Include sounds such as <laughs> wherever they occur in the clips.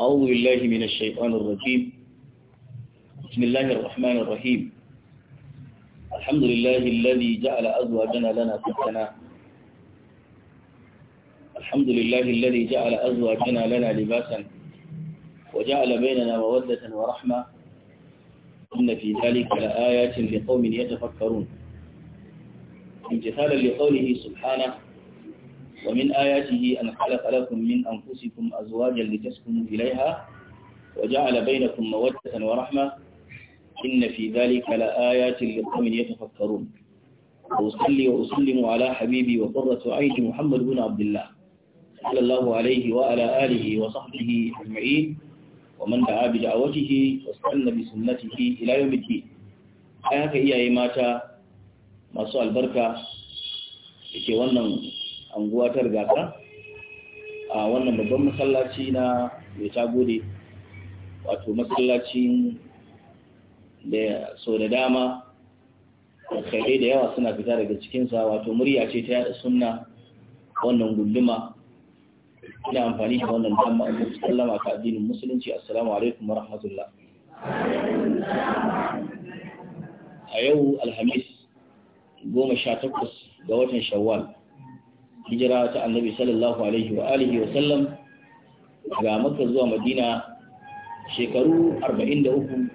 أعوذ بالله من الشيطان الرجيم بسم الله الرحمن الرحيم الحمد لله الذي جعل أزواجنا لنا سكنا الحمد لله الذي جعل أزواجنا لنا لباسا وجعل بيننا مودة ورحمة إن في ذلك لآيات لقوم يتفكرون امتثالا لقوله سبحانه ومن آياته أن خلق لكم من أنفسكم أزواجا لتسكنوا إليها وجعل بينكم مودة ورحمة إن في ذلك لآيات لقوم يتفكرون وأصلي وأسلم على حبيبي وقرة عيني محمد بن عبد الله صلى الله عليه وعلى آله وصحبه أجمعين ومن دعا بدعوته واستنى بسنته إلى يوم الدين أيها إياه ماتا masu albarka da ke wannan anguwa ta ta. a wannan babban masallaci na mai tagode wato masallacin da sau da dama kai da yawa suna fita daga cikinsa wato murya ce ta yada sunna wannan gunduma ina amfani da wannan dama a cikin sallama ta addinin musulunci assalamu alaikum wa rahmatullah a yau alhamis goma sha takwas ga watan shawwal hijira ta annabi sallallahu alaihi wa alihi wa sallam ga makka zuwa madina shekaru 43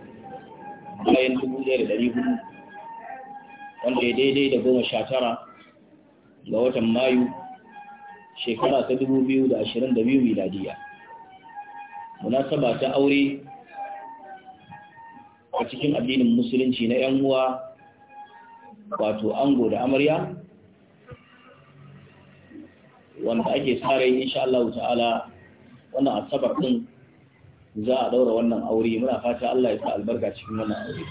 bayan 1400 wanda ya daidai da goma sha tara ga watan mayu shekara ta 2022 miladiya munasaba ta aure a cikin addinin musulunci na 'yan uwa wato ango da amarya wanda ake sare insha Allah ta'ala wannan asabar din za a daura wannan aure muna fata Allah ya sa albarka cikin wannan aure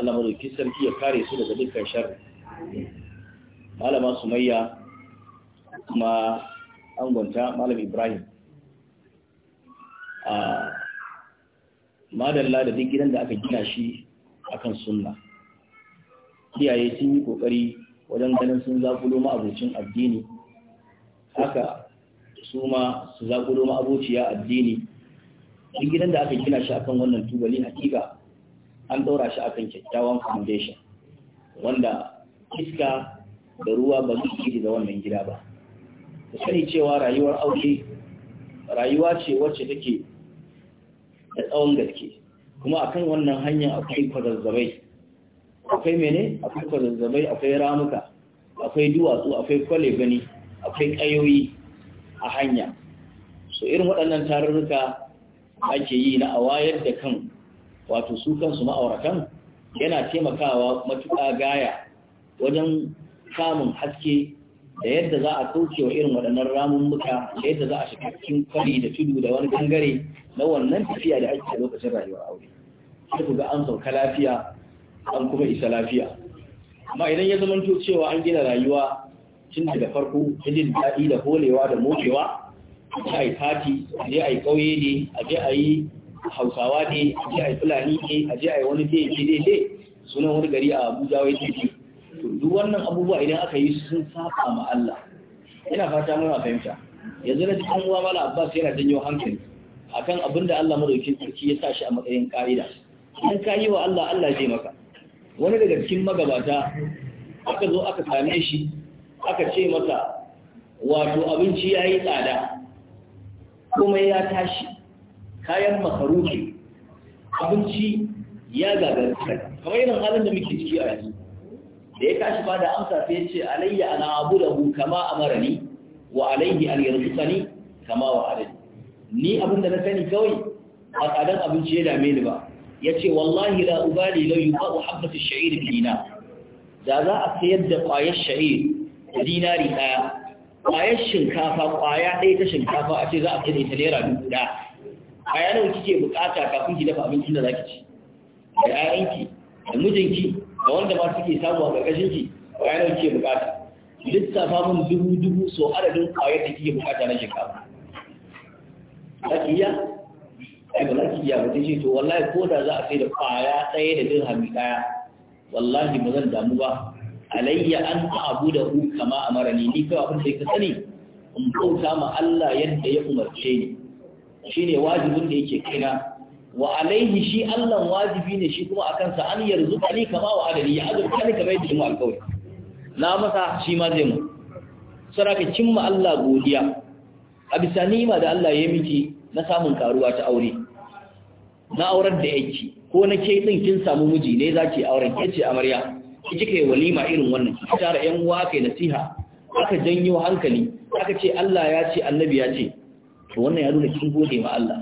Allah madauki sarki ya kare su daga dukkan sharri malama Sumayya kuma angonta malam Ibrahim a madalla da duk gidan da aka gina shi akan sunna iyaye sun yi kokari wajen ganin sun zakulo ma'abucin addini haka su ma su zagulo ma'abociya addini duk gidan da aka gina shi akan wannan tubali hakika an ɗora shi akan kyakkyawan foundation wanda iska da ruwa ba su kiri da wannan gida ba ku sani cewa rayuwar aure rayuwa ce wacce take da tsawon gaske kuma akan wannan hanyar akwai kwazazzabai akwai mene akwai kwazazzabai akwai ramuka akwai duwatsu akwai kwale gani akwai ƙayoyi a hanya so irin waɗannan tarurruka ake yi na a wayar da kan wato su kansu ma'auratan yana taimakawa matuƙa gaya wajen samun haske da yadda za a kauce wa irin waɗannan muka da yadda za a shiga cikin kwari da tudu da wani gangare na wannan tafiya da ake lokacin rayuwar aure sai ku ga an sauka lafiya an kuma isa lafiya amma idan ya zamanto cewa an gina rayuwa tunda daga farko jin daɗi da holewa da motsewa a yi fati a je a yi ƙauye ne a je a yi hausawa ne a je a yi fulani ne a je a yi wani ne ne ne sunan wani gari a abuja wai ce to duk wannan abubuwa idan aka yi sun saba ma Allah ina fata muna fahimta yanzu na cikin uwa mala abbas yana janyo hankali akan abin da Allah madaukin sarki ya sa shi a matsayin ka'ida in ka yi wa Allah Allah zai maka wani daga cikin magabata aka zo aka same shi aka ce masa wato abinci ya yi tsada kuma ya tashi kayan makaruki abinci ya gagarta kamar yin halin da muke ciki a yanzu da ya tashi ba da amsa sai ce alayya ana abu da kama marani wa alayhi an sani kama wa adadi ni abin da na sani kawai a tsadan abinci ya dame ni ba Ya ce wallahi la ubali law yubaqu habbat ash-sha'ir bi da za a sayar da ƙwayar sha'ir dinari ɗaya ƙwayar shinkafa ƙwaya ɗaya ta shinkafa a ce za a tsaye ta naira dubu ɗaya Kwaya nawa kike buƙata kafin ki dafa abincin da za ki ci da ƴaƴanki da mijinki da wanda ma suke samu a ƙarƙashinki kwaya nawa kike buƙata lissafa mun dubu dubu so adadin ƙwayar da kike buƙata na shinkafa za ki iya ai ba za ki iya ba ce to wallahi ko da za a sai da ƙwaya ɗaya da dirhami ɗaya wallahi ba zan damu ba alayya an a'budahu kama amarani ni kawai abin da ka sani in bauta ma Allah yadda ya umarce ni shine wajibin da yake kaina wa alaihi shi Allah wajibi ne shi kuma akan sa an yarzuka ni kama wa adali ya azurta ni kamar yadda mu alƙawari na masa shi ma zai mu saraka cimma Allah godiya a bisa nima da Allah ya miki na samun karuwa ta aure na aurar da yake ko na ke din kin samu miji ne zaki auren ke ce amarya ki kika walima irin wannan ki tara yan uwa kai nasiha aka janyo hankali aka ce Allah ya ce annabi ya ce to wannan ya nuna kin gode ma Allah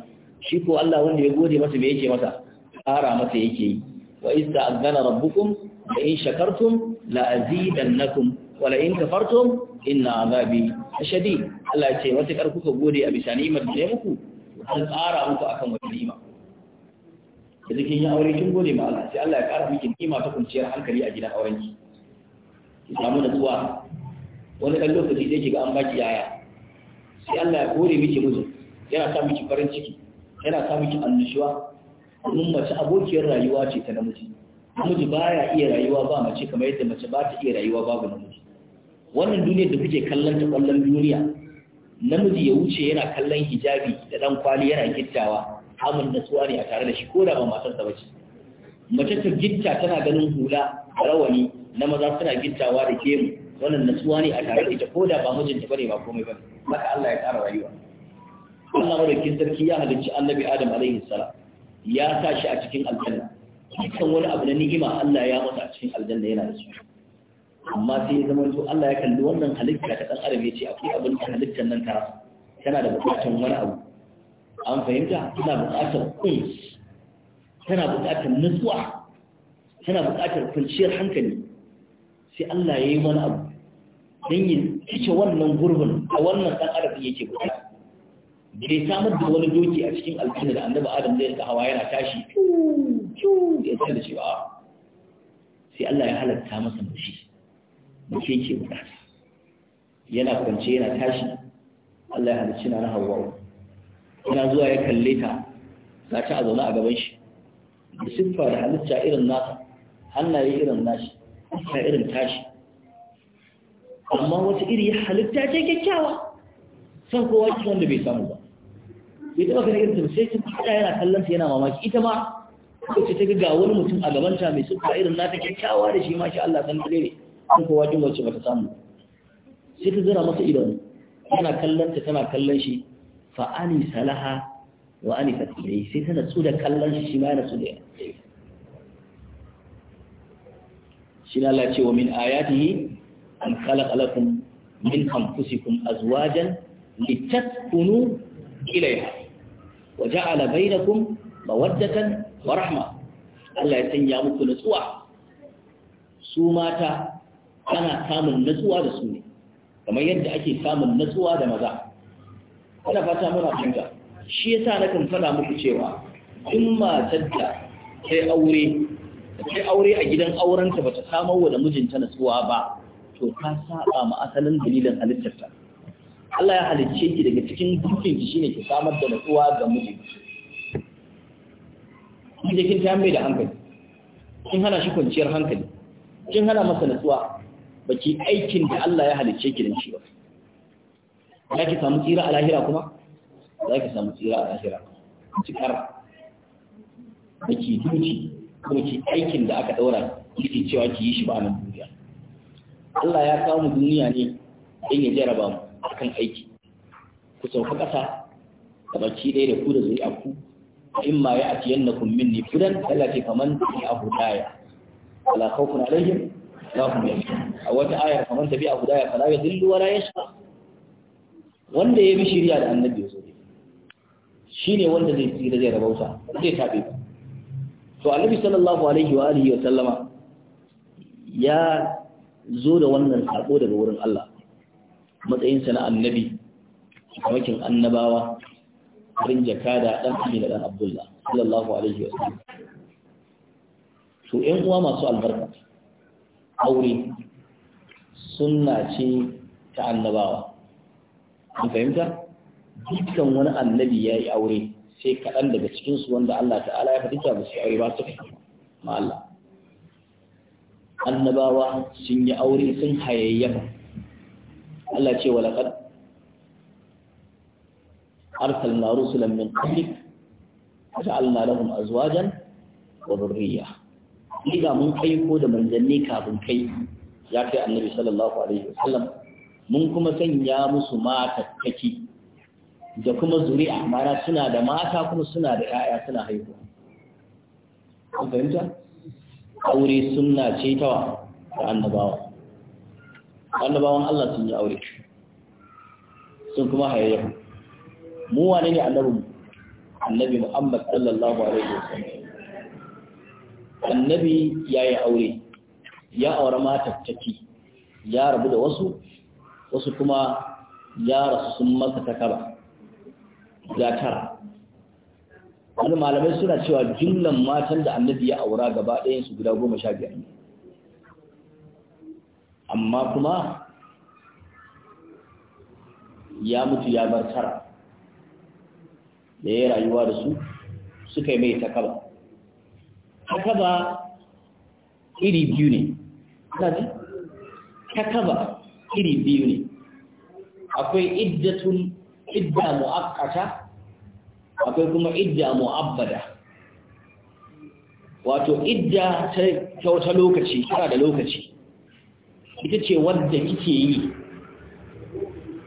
shi ko Allah wanda ya gode masa me yake masa ƙara masa yake yi wa idza azana rabbukum la in shakartum la azidannakum wa la in kafartum inna azabi shadid Allah ya ce wata kar kuka gode a bisani ni'imar da ya muku an tsara muku akan wata ni'ima Da jikin yi aure kin gode ma Allah sai Allah ya ƙara miki ni'ima ta kunciyar hankali a gidan auren ki ki samu natsuwa wani ɗan lokaci sai kiga an baki yaya sai Allah ya kore miki miji yana sa miki farin ciki yana sa miki annushuwa mun mace abokiyar rayuwa ce ta namiji namiji baya iya rayuwa ba mace kamar yadda mace ba ta iya rayuwa babu namiji wannan duniyar da kuke kallon ta kallon duniya namiji ya wuce yana kallon hijabi da dan kwali yana gittawa amin da suwa ne a tare da shi ko da ba matarsa ba ce mace ta gitta tana ganin hula rawani na maza suna gittawa da gemu wannan suwa ne a tare da ita ko da ba mijinta bane ba komai bane haka Allah ya tsara rayuwa Allah madaukin sarki ya halicci annabi Adam alaihi salam ya sa shi a cikin aljanna dukkan wani abu na ni'ima Allah ya masa a cikin aljanna yana da su amma sai ya zama to Allah ya kalli wannan halitta ta dan Adam ya ce akwai abin da halittar nan ta tana da bukatun wani abu an fahimta tana buƙatar kuns tana buƙatar nutsuwa tana buƙatar kwanciyar hankali sai Allah ya yi wani abu don yin cike wannan gurbin a wannan ɗan arabi yake buƙata bai samar da wani doki a cikin aljanna da annabi adam zai rika hawa yana tashi ya tsaye da cewa sai Allah ya halatta masa mace mace yake buƙata yana kwance yana tashi Allah ya halicci na na hawa yana zuwa ya kalle ta za ta a zaune a gaban shi da siffa da halitta irin nasa hannaye irin nashi ta irin tashi amma wata iri halitta ce kyakkyawa san kowa shi wanda bai samu ba bai taɓa ganin irin sai sun fada yana kallon sa yana mamaki ita ma ko ce ta ga wani mutum a gabanta mai siffa irin nata kyakkyawa da shi ma shi Allah san dare san kowa kin wacce ta samu sai ta zira masa idan yana kallon ta tana kallon shi Fa'ani salaha wa ani fatilai sai ta natsu da kallon shi shi ma ya natsu da shi na Allah ce wa min ayatihi an kala lakum min anfusikum azwajan litaskunu ilayha wa ja'ala bainakum mawaddatan wa rahma Allah ya sanya muku natsuwa su mata ana samun natsuwa da su ne kamar yadda ake samun natsuwa da maza ana fata muna canza shi yasa na kan fada muku cewa in matar da ta aure ta aure a gidan aurenta bata samar wa da mijinta natsuwa ba to ta saba ma asalin dalilin halittarta Allah ya halicce ki daga cikin dukkan ki shine ki samar da natsuwa ga mijinki ki da kin tambaye da hankali kin hana shi kwanciyar hankali kin hana masa natsuwa baki aikin da Allah ya halicce ki dan shi ba za ki samu tsira a lahira kuma za ki samu tsira a lahira cikar da ki duci kuma ki aikin da aka daura kike cewa ki yi shi ba nan duniya Allah ya kawo mu duniya ne don ya jaraba mu akan aiki ku sauka ƙasa da bacci ɗaya da ku da zuri'a ku in ma ya ati yannakum minni hudan Allah ke kaman tabi a hudaya wala khawfun alaihim Za ku yahzanun a wata ayar kaman tabi a hudaya fala yadhillu wala yashqa wanda ya bi shirya da annabi ya zo shi ne wanda zai tsira zai rabauta zai taɓe ba to annabi sallallahu alaihi wa alihi wa sallama ya zo da wannan sako daga wurin Allah matsayinsa na annabi kamakin annabawa harin jakada dan Ali da ɗan Abdullah sallallahu alaihi wa sallam to ƴan uwa masu albarka aure sunna ce ta annabawa an fahimta dukkan wani annabi ya yi aure sai kaɗan daga cikinsu wanda Allah ta'ala ya faɗi ba su aure ba su fi Allah annabawa sun yi aure sun hayayyafa Allah ce walaƙad arsalna rusulan min qablik ja'alna lahum azwajan wa dhurriyya ni ga mun kai ko da manzanni kafin kai ya kai annabi sallallahu alaihi wasallam mun kuma sanya musu matattaki da kuma zuri'a mara suna da mata kuma suna da 'ya'ya suna haihuwa kun fahimta aure sunna ce tawa da annabawa annabawan Allah sun yi aure sun kuma hayayya mu wane ne annabin annabi Muhammad sallallahu alaihi wasallam annabi yayi aure ya aure matattaki ya rabu da wasu wasu kuma ya rasu sun masa takaba ya tara wani malamai suna cewa jumlan matan da annabi ya aura gaba ɗayan su guda goma sha biyar ne amma kuma ya mutu ya bar tara da ya rayuwa da su suka yi mai takaba takaba iri biyu ne ta takaba iri biyu ne akwai iddatun idda mu'akkata akwai kuma idda mu'abbada wato idda ta kyauta lokaci kira da lokaci ita ce wadda kike yi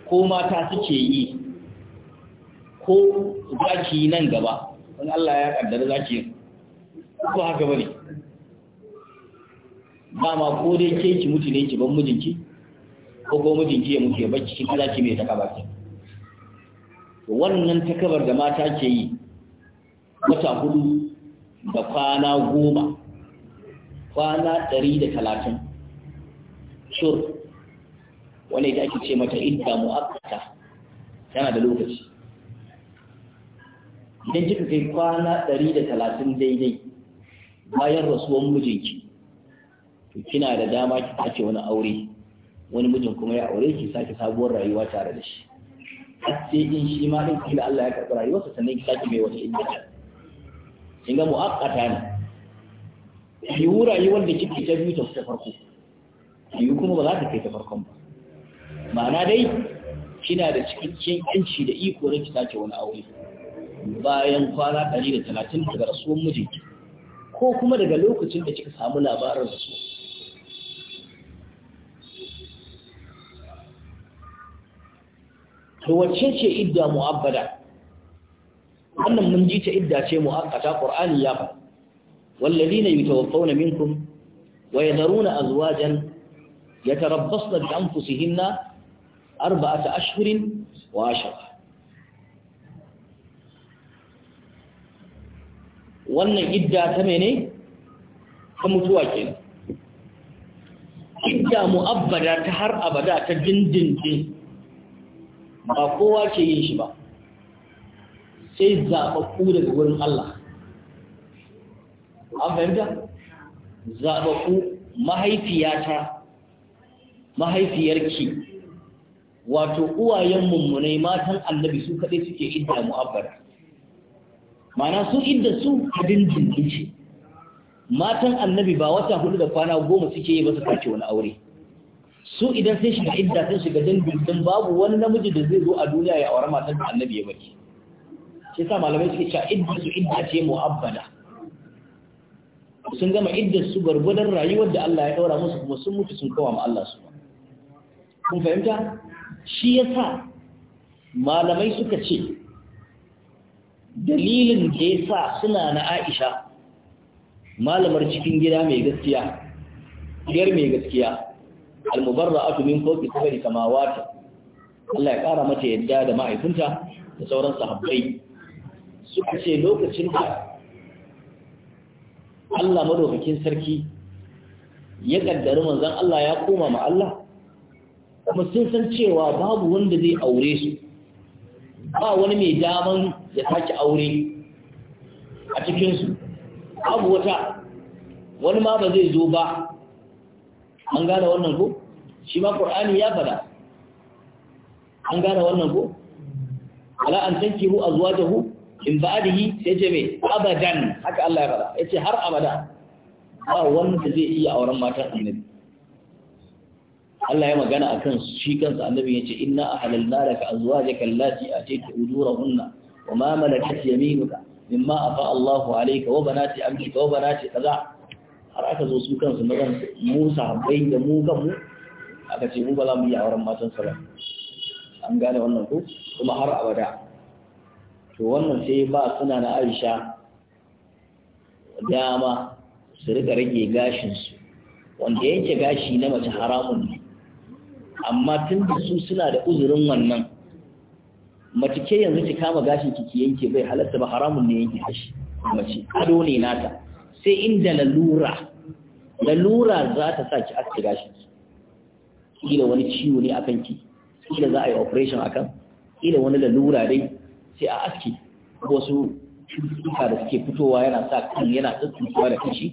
ko mata suke yi ko za yi nan gaba in Allah ya kaddara za ki yi ko haka bane dama ko dai ke ki mutu ne ki ban mijinki ko ko mijin ki ya mutu ya bacci cikin Allah ki mai takaba ki wannan takabar da mata ke yi wata hudu da kwana goma kwana ɗari da talatin shur wani da ake ce mata idda mu'akkata tana da lokaci idan kika kai kwana ɗari da talatin daidai bayan rasuwan mijinki to kina da dama ki ake wani aure wani mijin kuma ya aure ki sake sabuwar rayuwa tare da shi sai in shi ma din kila Allah ya karɓi rayuwarsa sannan ki sake mai wata idda kin ga mu'aqqata ne yiwu rayuwar da kike ta biyu ta farko yiwu kuma ba za ta kai ta farkon ba ma'ana dai kina da cikakken yanci da iko na ki sake wani aure bayan kwana ɗari da talatin daga rasuwar mijinki ko kuma daga lokacin da kika samu labarin su. to wacce ce idda mu'abbada wannan mun ji ta idda ce mu'akkata qur'ani ya fa walladina yatawaffawna minkum wa yadharuna azwajan yatarabbasna bi anfusihinna arba'ata ashhurin wa ashara wannan idda ta mene ta mutuwa kenan idda mu'abbada ta har abada ta dindindin ba kowa ke yin shi ba sai zaɓaɓɓu daga wurin Allah an fahimta zaɓaɓɓu mahaifiyata mahaifiyarki wato uwayen mummunai matan annabi su kaɗai suke idda mu'abbara mana su idda su hadin jinkin ce matan annabi ba wata hudu da kwana goma suke yi ba su kace wani aure su idan sun shiga idda sun shiga dangin babu wani namiji da zai zo a duniya ya aure matar da annabi ya bari shi sa malamai suke cewa idda su idda ce mu'abbada sun gama idda su gwargwadon rayuwar da Allah ya daura musu kuma sun mutu sun kawo ma Allah su kun fahimta shi yasa malamai suka ce dalilin da yasa suna na Aisha malamar cikin gida mai gaskiya ɗiyar mai gaskiya al-mubarra'atu min fawqi tabari samawati Allah ya kara mata yadda da ma'aikunta da sauran sahabbai suka ce lokacin da Allah madaukakin sarki ya kaddara manzon Allah ya koma ma Allah kuma sun san cewa babu wanda zai aure su ba wani mai daman ya sake aure a cikinsu abu wata wani ma ba zai zo ba an gane wannan ko shi ma qur'ani ya fada an gane wannan ko ala an tankihu azwajahu in ba'dihi sai ce me abadan haka Allah ya fada yace har abada ba wanda zai iya auren matar annabi Allah ya magana akan shi kansa annabi yace inna ahlalna laka azwajaka allati atayta ujurahunna wa ma malakat yaminuka mimma afa Allahu alayka wa banati amika wa banati kaza har aka zo su kansu zan musa bai da mu kanmu aka ce mu ba za mu yi auren matan sa ba an gane wannan ko kuma har abada to wannan sai ba suna na Aisha dama su rika rage gashin su wanda yanke gashi na mace haramun ne amma tun da su suna da uzurin wannan mace ke yanzu ki kama gashin ki yanke bai halatta ba haramun ne yanke gashi mace ado ne nata sai inda lalura lalura za ta sa ki aske gashin ki kila wani ciwo ne akan ki kila za a yi operation akan kila wani lalura dai sai a aske wasu cututtuka da suke fitowa yana sa kan yana tsuntsuwa da kashi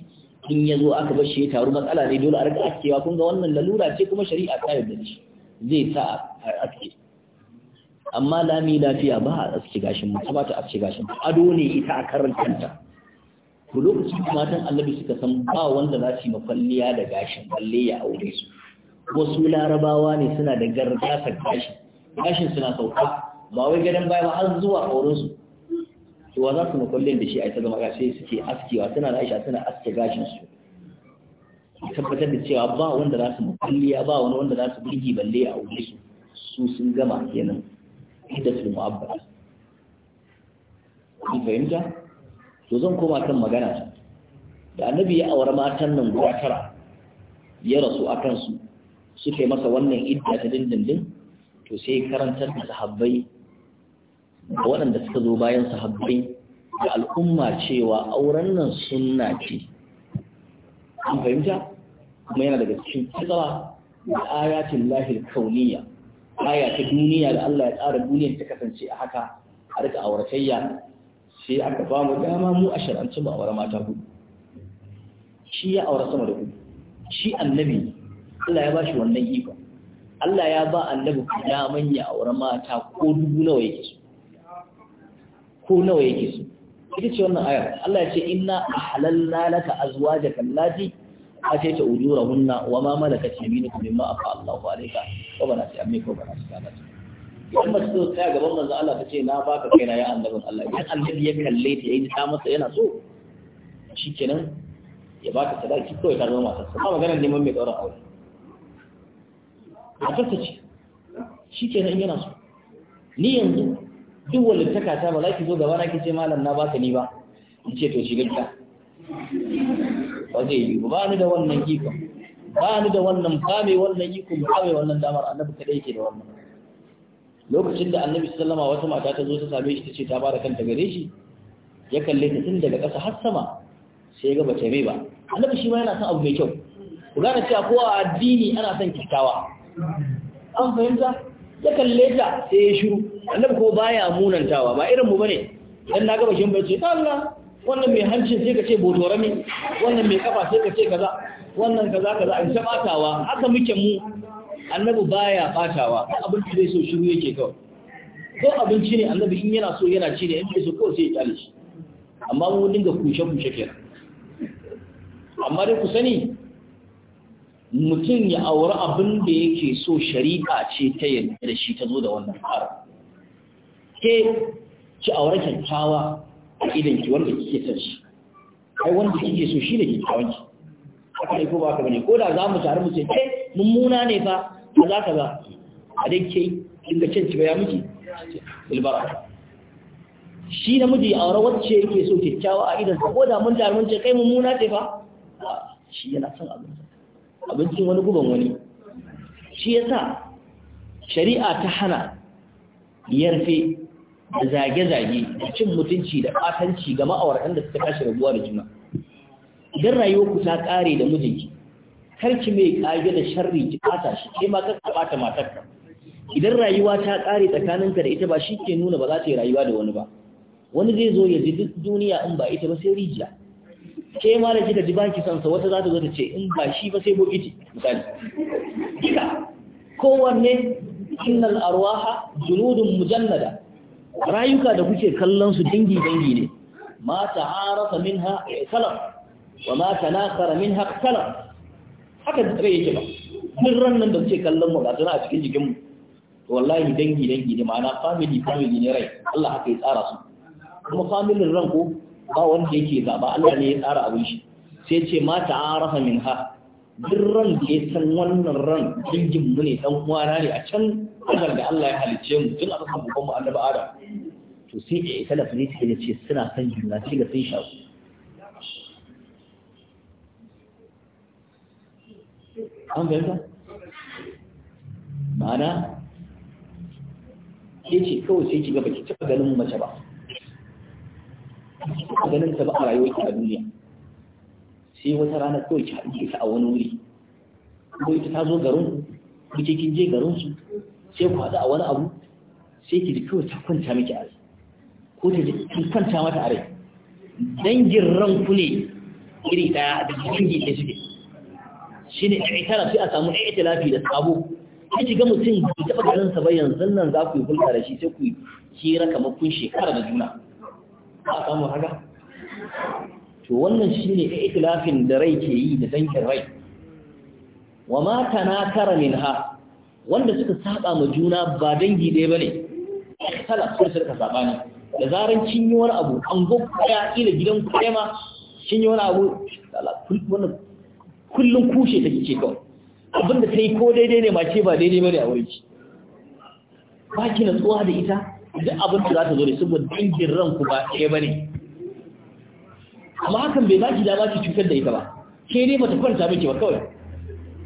in ya zo aka bar shi ya taru matsala ne dole a rika askewa kun ga wannan lalura ce kuma shari'a ta yarda shi zai sa a aske amma lami lafiya ba a aske gashin mu ta ba ta aske gashin ado ne ita a karantanta to lokacin da matan annabi suka san ba wanda za su yi makwalliya da gashin balle ya aure su wasu larabawa ne suna da gargasa gashi gashin suna sauka ba wai gadon baya ba har zuwa auren su to wa za su makwalliyar da shi a ita gama gashi suke askewa suna da aisha suna aske gashin su tabbatar da cewa ba wanda za su mafalliya ba wani wanda za su burgi balle a aure su su sun gama kenan hiddatul mu'abbas kun fahimta to zan koma kan magana da annabi ya aure matan nan guda tara ya rasu a kansu suka yi masa wannan idda ta dindindin to sai karantar da sahabbai da waɗanda suka zo bayan sahabbai da al'umma cewa auren nan sunna ce an fahimta kuma yana daga cikin tsara da ayatin lahir kauniya aya ta duniya da Allah ya tsara duniyar ta kasance a haka a rika auratayya sai aka ba mu dama mu a shar'anci mu aure mata hudu shi ya aure sama da hudu shi annabi Allah ya ba shi wannan iko Allah ya ba annabi daman ya aure mata ko dubu nawa yake so ko nawa yake su ita ce wannan aya, Allah ya ce inna ahlalna laka azwajaka allati atayta ujurahunna wa ma malakat yaminuka mimma afa Allahu alayka wa banati ammika wa banati khalalika idan mace ta tsaya gaban manzo Allah ta ce na baka kaina ya annabin Allah idan annabi ya kalle ta yi ta masa yana so shikenan ya baka sadaki kawai ta zama matarsa ba maganar neman mai tsoron aure a kasa ce shikenan yana so ni yanzu duk walittaka ta kata ba za ki zo gaba na ki ce malam na baka ni ba in ce to shi gida ba zai yi ba ni da wannan ikon ba ni da wannan ba mai wannan ikon ba mai wannan damar annabi kadai ke da wannan lokacin da annabi sallama wata mata ta zo ta same shi tace ta bara kanta gare shi ya kalle ta tun daga ƙasa har sama sai ya ga bace mai ba annabi shi ma yana son abu mai kyau ku gane cewa ko a addini ana son kyakkyawa an fahimta ya kalle ta sai ya shiru annabi ko baya munantawa ba irin mu bane Idan na ga bashin bai ce Allah wannan mai hancin sai ka ce botorami wannan mai kafa sai ka ce kaza wannan kaza kaza in ta matawa haka muke mu annabi baya batawa ko abin da zai so shiru yake kawai ko abinci ne annabi in yana so yana ci ne in bai so kawai sai ya kyale shi amma mun dinga kushe kushe ke amma dai ku sani mutum ya auri abin da yake so shari'a ce ta yadda da shi ta zo da wannan fara ke ki aure kyakkyawa idan ki wanda kike son shi ai wanda kike so shi ne kyakkyawan ki haka ne ko ba ka bane ko da za mu taru mu ce kai mummuna ne fa ba za ka ba a dai ke kin ga cin ciba ya miki bilbara shi namiji a rawar ce yake so kyakkyawa a idan ko da mun taru mun ce kai mummuna ce fa shi yana son abin abincin wani guban wani shi yasa shari'a ta hana yarfe da zage-zage da cin mutunci da ɓatanci ga ma'auratan da suka tashi rabuwa da juna idan rayuwar ku ta kare da mijinki karki mai kage da sharri ki bata shi kai ma ka bata matarka idan rayuwa ta kare tsakaninka da ita ba shi ke nuna ba za ta yi rayuwa da wani ba wani zai zo ya ji duk duniya in ba ita ba sai rijiya ke ma da kika ji ba ki sa wata za ta zo ta ce in ba shi ba sai bokiti misali kika kowanne innal arwaha junudun mujannada rayuka da kuke kallon su dingi dangi ne ma ta'arafa minha eh, salaf wa ma tanakhara minha ikhtala haka da rai yake ba duk ran nan da ce kallon mu ga tana a cikin jikin mu wallahi dangi dangi ne ma'ana family family ne rai Allah haka ya tsara su kuma family ran ko ba wanda yake zaba Allah ne ya tsara abin shi sai ce ma ta'arafa minha duk ran da ya san wannan ran dangin mu ne dan uwana ne a can azar da Allah ya halicce mu tun a kasan babban mu annabi Adam to sai ya yi da fulisi ya ce suna san juna sai ga sun shaku an fahimta ma'ana ke ce kawai sai kiga baki taɓa ganin mace ba taɓa ganin ta ba a rayuwarki a duniya sai wata rana kawai ki haɗu ita a wani wuri ko ita ta zo garin ku kuke kin je garin su sai ku haɗu a wani abu sai ki ji kawai ta kwanta miki a rai ko ta ji kwanta mata a rai dangin ranku ne iri ɗaya da dangin ɗaya suke shi ne itara sai a samu itilafi da sabo ya ga mutum bai taɓa garin sa bayan yanzu nan za ku yi hulɗa da shi sai ku yi kamar kun shekara da juna a samu haka to wannan shi ne itilafin da rai ke yi da dankin rai wa ma tanakara min ha wanda suka saba ma juna ba dangi dai ba ne kala sun sarka saba ne da zaran cinye wani abu an go kaya ila gidan kuɗe ma cin yi wani wannan kullum kushe ta kike kawai abinda ta yi ko daidai ne mace ba daidai bane a wurin ba ki natsuwa da ita duk abin da za ta zo da ba dangin ranku ba ɗaya bane amma hakan bai baki dama ki cutar da ita ba ke ne ta kwanta miki ba kawai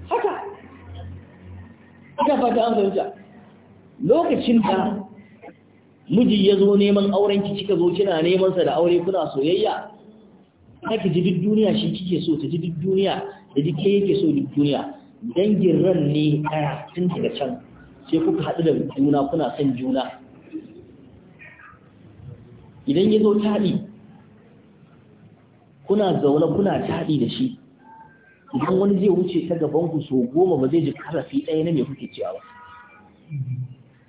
haka ba ta amsa fahimta lokacin da miji ya zo neman auren ki kika zo kina neman sa da aure kuna soyayya haka ji duniya shi kike so ta ji duniya da duk yake so da duniya dangin ran ne ɗaya tun daga can sai kuka haɗu da juna kuna son juna idan ya zo taɗi kuna zaune kuna taɗi da shi idan wani zai wuce ta gaban ku so goma ba zai ji karafi ɗaya na mai kuke cewa ba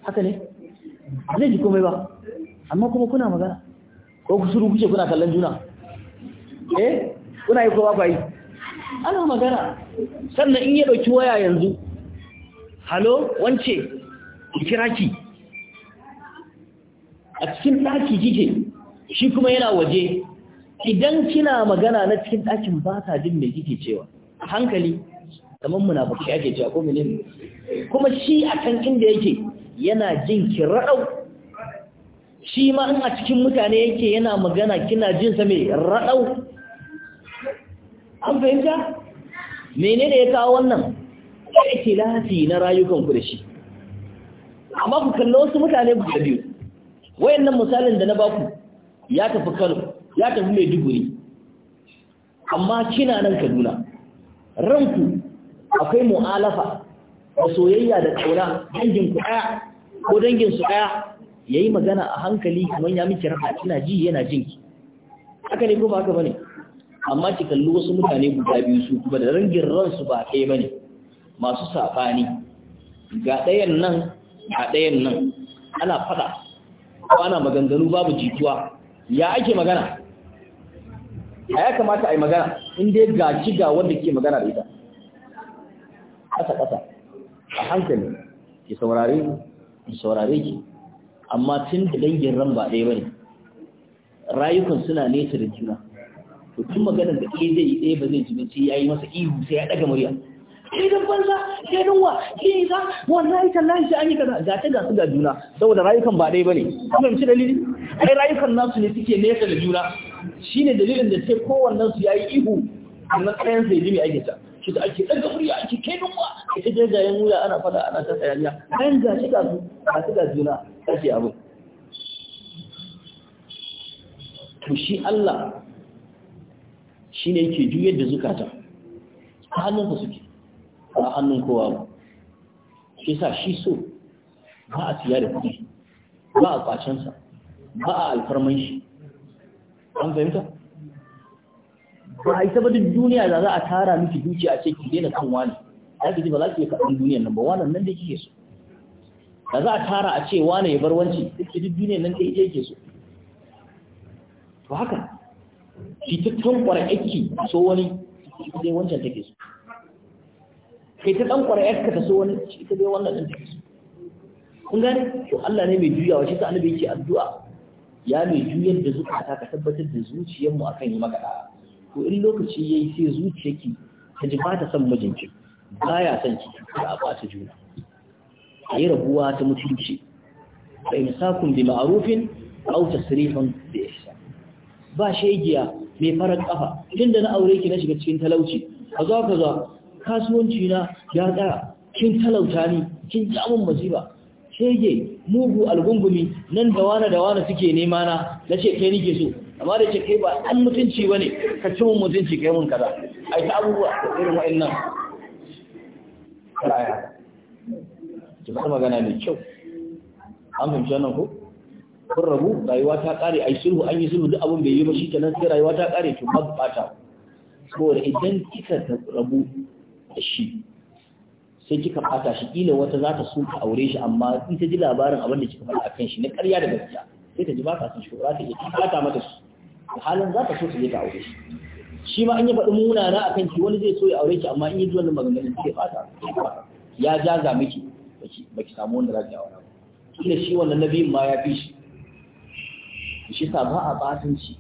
haka ne ba zai ji komai ba amma kuma kuna magana ko ku suru kuna kallon juna eh kuna yi kowa ba yi ana magana sannan in ya ɗauki waya yanzu halo wance kira ki a cikin ɗaki kike shi kuma yana waje idan kina magana na cikin ɗakin ba ta jin mai kike cewa hankali kamar munafiki ake cewa ko menene kuma shi a kan inda yake yana jin ki raɗau shi ma in a cikin mutane yake yana magana kina jin sa mai raɗau an fahimta menene ya kawo wannan lafi na rayukanku da shi amma ku kalli wasu mutane guda biyu wayannan misalin da na baku ya tafi Kano ya tafi mai duguri amma kina nan Kaduna ranku akwai mu'alafa da soyayya da kauna dangin ku ko danginsu ɗaya, ya yi magana a hankali kamar ya miki raha kina ji yana jinki haka ne ko ba haka bane amma ki kalli wasu mutane guda biyu su kuma da rangin ransu ba ɗaya bane masu saɓani ga ɗayan nan ga ɗayan nan ana faɗa ko ana maganganu babu jituwa ya ake magana a ya kamata a yi magana inda ga ci ga wanda ke magana da ita ƙasa-ƙasa a hankali ke saurare ki saurare ki amma tun da dangin ran ba ɗaya ba ne rayukan suna nesa da juna to tun maganar da ke zai yi ɗaya ba zai ji ce ya yi masa ihu sai ya ɗaga murya idan banza idan wa iza wallahi tallahi sai an yi kaza ga ta ga su ga juna saboda rayukan ba ɗaya bane kuma ci dalili ai rayukan nasu ne suke nesa da juna shine dalilin da sai kowannen su yayi ihu amma tsayan sai jimi ake ta shi da ake ɗaga murya ake ke dun wa ke je ga yan wuya ana fada ana ta tsayaniya bayan ga shi ga su ga su ga juna kace abu to shi Allah shi ne yake juyar da zukata a hannunsa suke a hannun kowa ba shi sa shi so ba a siya da kuɗi ba a ƙwacensa. ba a alfarman shi an fahimta ba a yi sabadin duniya da za a tara miki duki a ce ki daina kan wani ya ki ji ba za ki yi kaɗan duniyan nan ba wannan nan da kike so da za a tara a ce wane ya bar wanci duk duniyan nan da ke so to haka Fita ta tankwara yaki so wani ita dai wancan take so kai ta tankwara yakka ta so wani ita dai wannan take so kun gane to Allah ne mai juyawa shi ta annabi yake addu'a ya mai juyar da zukata ka tabbatar da zuciyarmu akan yi maka Ko to in lokaci yayi sai zuciyarki ta ji ba ta son mijinki ba ya son ki da ba ta juna a rabuwa ta mutunci fa imsakun bi ma'rufin aw tasrihun bi ihsan ba shegiya mai farar kafa tun da na aure ki na shiga cikin talauci kaza kaza kasuwanci na ya tsara kin talauta ni kin jamun masifa shege mugu algungumi nan da wani da wani suke nema na na ce kai nike so amma da ce kai ba an mutunci ba ne ka ci mun mutunci kai mun kaza yi ta abubuwa irin ki magana mai kyau an fahimci wannan ko kun rabu rayuwa ta kare ai sulhu an yi sulhu duk abin bai yi ba nan sai rayuwa ta kare to ba bata saboda idan kika rabu da shi sai kika bata shi kila wata za ta so ta aure shi amma in ta ji labarin abin da kika faɗa akan shi na ƙarya da gaskiya sai ta ji ba ka san shi za ta iya bata mata su halin za ta so ta je ta aure shi shi ma an yi faɗi munana akan ki wani zai so ya aure shi, amma in yi zuwan maganganun sai bata ya jaza miki baki samu wanda za ki aure ne shi wannan nabi ma ya fi shi shi sa ba a batanci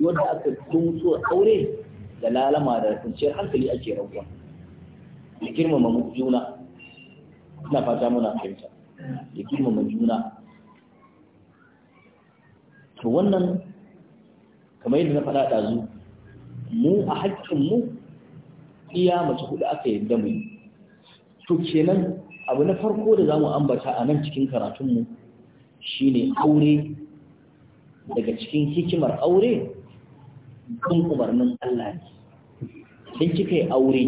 wanda aka so aure da lalama da kwanciyar hankali ake rabuwa da girmama juna ina fata muna fahimta da girmama juna to wannan kamar yadda na faɗa ɗazu mu a hakkinmu iya mace hudu aka yadda mu to kenan abu na farko da za mu ambata a nan cikin karatunmu shine aure daga cikin hikimar aure kun umarnin Allah ne Kin kika yi aure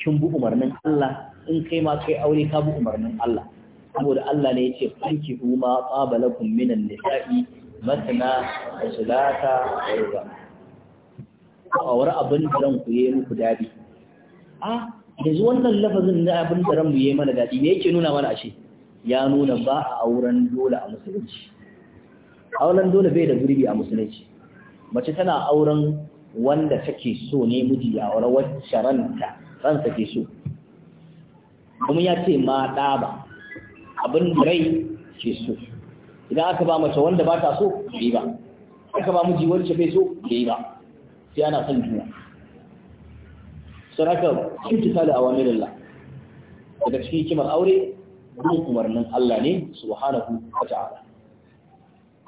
kin bu umarnin Allah in kai ma kai aure ka bu umarnin Allah saboda Allah ne yace fanki huma qabalakum minan nisa'i matna wa sulata wa ruba ko awar abin da ran ku yi muku dadi a yanzu wannan lafazin na abin da ran mu yi mana dadi me yake nuna mana ashe ya nuna ba a auren dole a musulunci auren dole bai da gurbi a musulunci mace tana auren wanda take so ne miji ya aure wacce ranta ransa ke so kuma ya ce ma ba abin rai ke so idan aka ba mace wanda ba ta so bai ba aka ba miji wacce bai so bai ba sai ana son juna saraka kinci tali a wani lalla daga cikin kimar aure duk umarnin Allah ne subhanahu wa ta'ala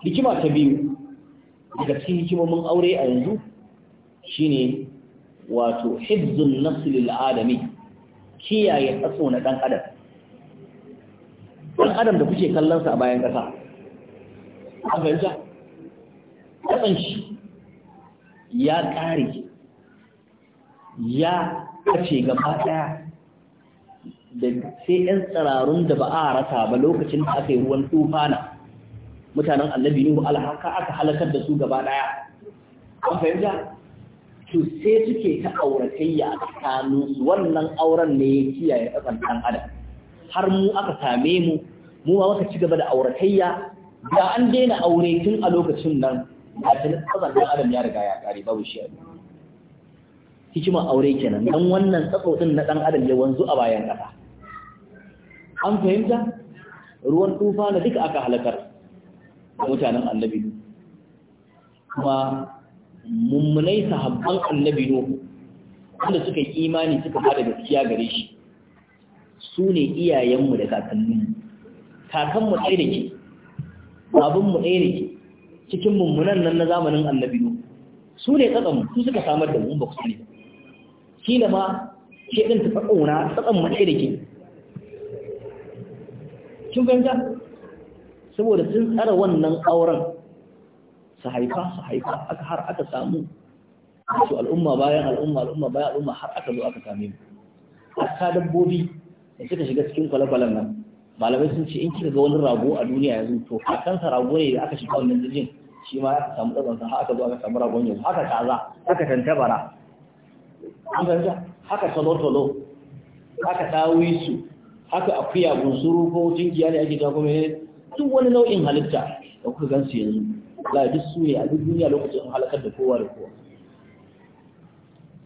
hikima ta biyu daga cikin hikimomin aure a yanzu shine wato hibzun nafsi lil adami kiyaye tsaso na ɗan adam dan adam da kuke kallon sa a bayan kasa an kasan shi ya kare ya kace gaba ɗaya, da sai yan tsirarun da ba a rasa ba lokacin da aka yi ruwan tufana mutanen annabi nuhu alhaka aka halakar da su gaba daya an fahimta to sai suke ta auratayya a tsakanin su wannan auren ne ya kiyaye tsakan dan adam har mu aka same mu mu ma muka ci gaba da auratayya da an daina aure tun a lokacin nan a cikin tsakan dan adam ya riga ya kare babu shi hikimar aure kenan dan wannan tsakau din na dan adam ya wanzu a bayan kasa an fahimta ruwan tufa na duka aka halakar mutanen annabi kuma mummunai sahabban annabi nuhu wanda suka yi imani suka bada gaskiya gare shi su ne iyayenmu da kakanninmu kakanmu ɗaya da ke babinmu ɗaya da ke cikin mummunan nan na zamanin annabi nuhu su ne tsakanmu su suka samar da mu ba ku sani kila ma ke ɗin tafa ƙauna tsakanmu ɗaya da ke kin fahimta saboda sun tsara wannan auren su haifa su haifa aka har aka samu su al'umma bayan al'umma al'umma bayan al'umma har aka zo aka same mu ka dabbobi da suka shiga cikin kwale-kwalen nan malamai sun ce in kika ga wani rago a duniya yanzu to kakansa rago ne da aka shiga wannan jirgin shi ma aka samu ɗabansa har aka zo aka samu ragon yanzu haka kaza haka tantabara an fahimta haka talo-talo haka tawisu haka akuya bunsuru ko tinkiya ne ake ta kuma eh, duk wani nau'in halitta da kuka gansu yanzu a duk su ne a duk duniya lokacin halakar da kowa da kowa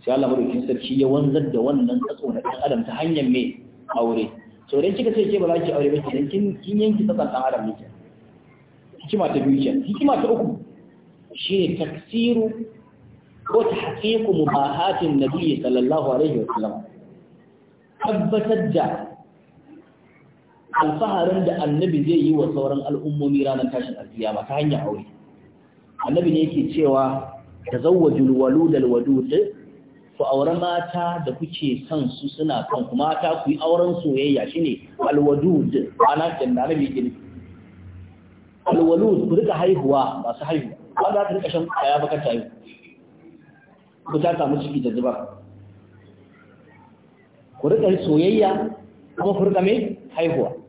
sai Allah madaukakin sarki ya wanzar da wannan tsatso na ɗan adam ta hanyar mai aure sau dai kika ce ke ba za ki aure ba ke kin kin yanki tsatsan ɗan adam ne hikima ta biyu kenan hikima ta uku ne taksiru ko ta haƙe tahqiqu mubahatin biyu, sallallahu alaihi wa sallam tabbatar da alfaharin da annabi zai yi wa sauran al'ummomi ranar tashin ba ta hanyar aure annabi ne yake cewa da walud da ku aure mata da kuke son su suna kan ku mata ku yi auren soyayya shi alwadu da ana da annabi yake alwalud ku rika haihuwa masu haihuwa ba za ta rika shan kaya baka yi. ku ta samu ciki da zubar ku rika soyayya kuma ku rika mai haihuwa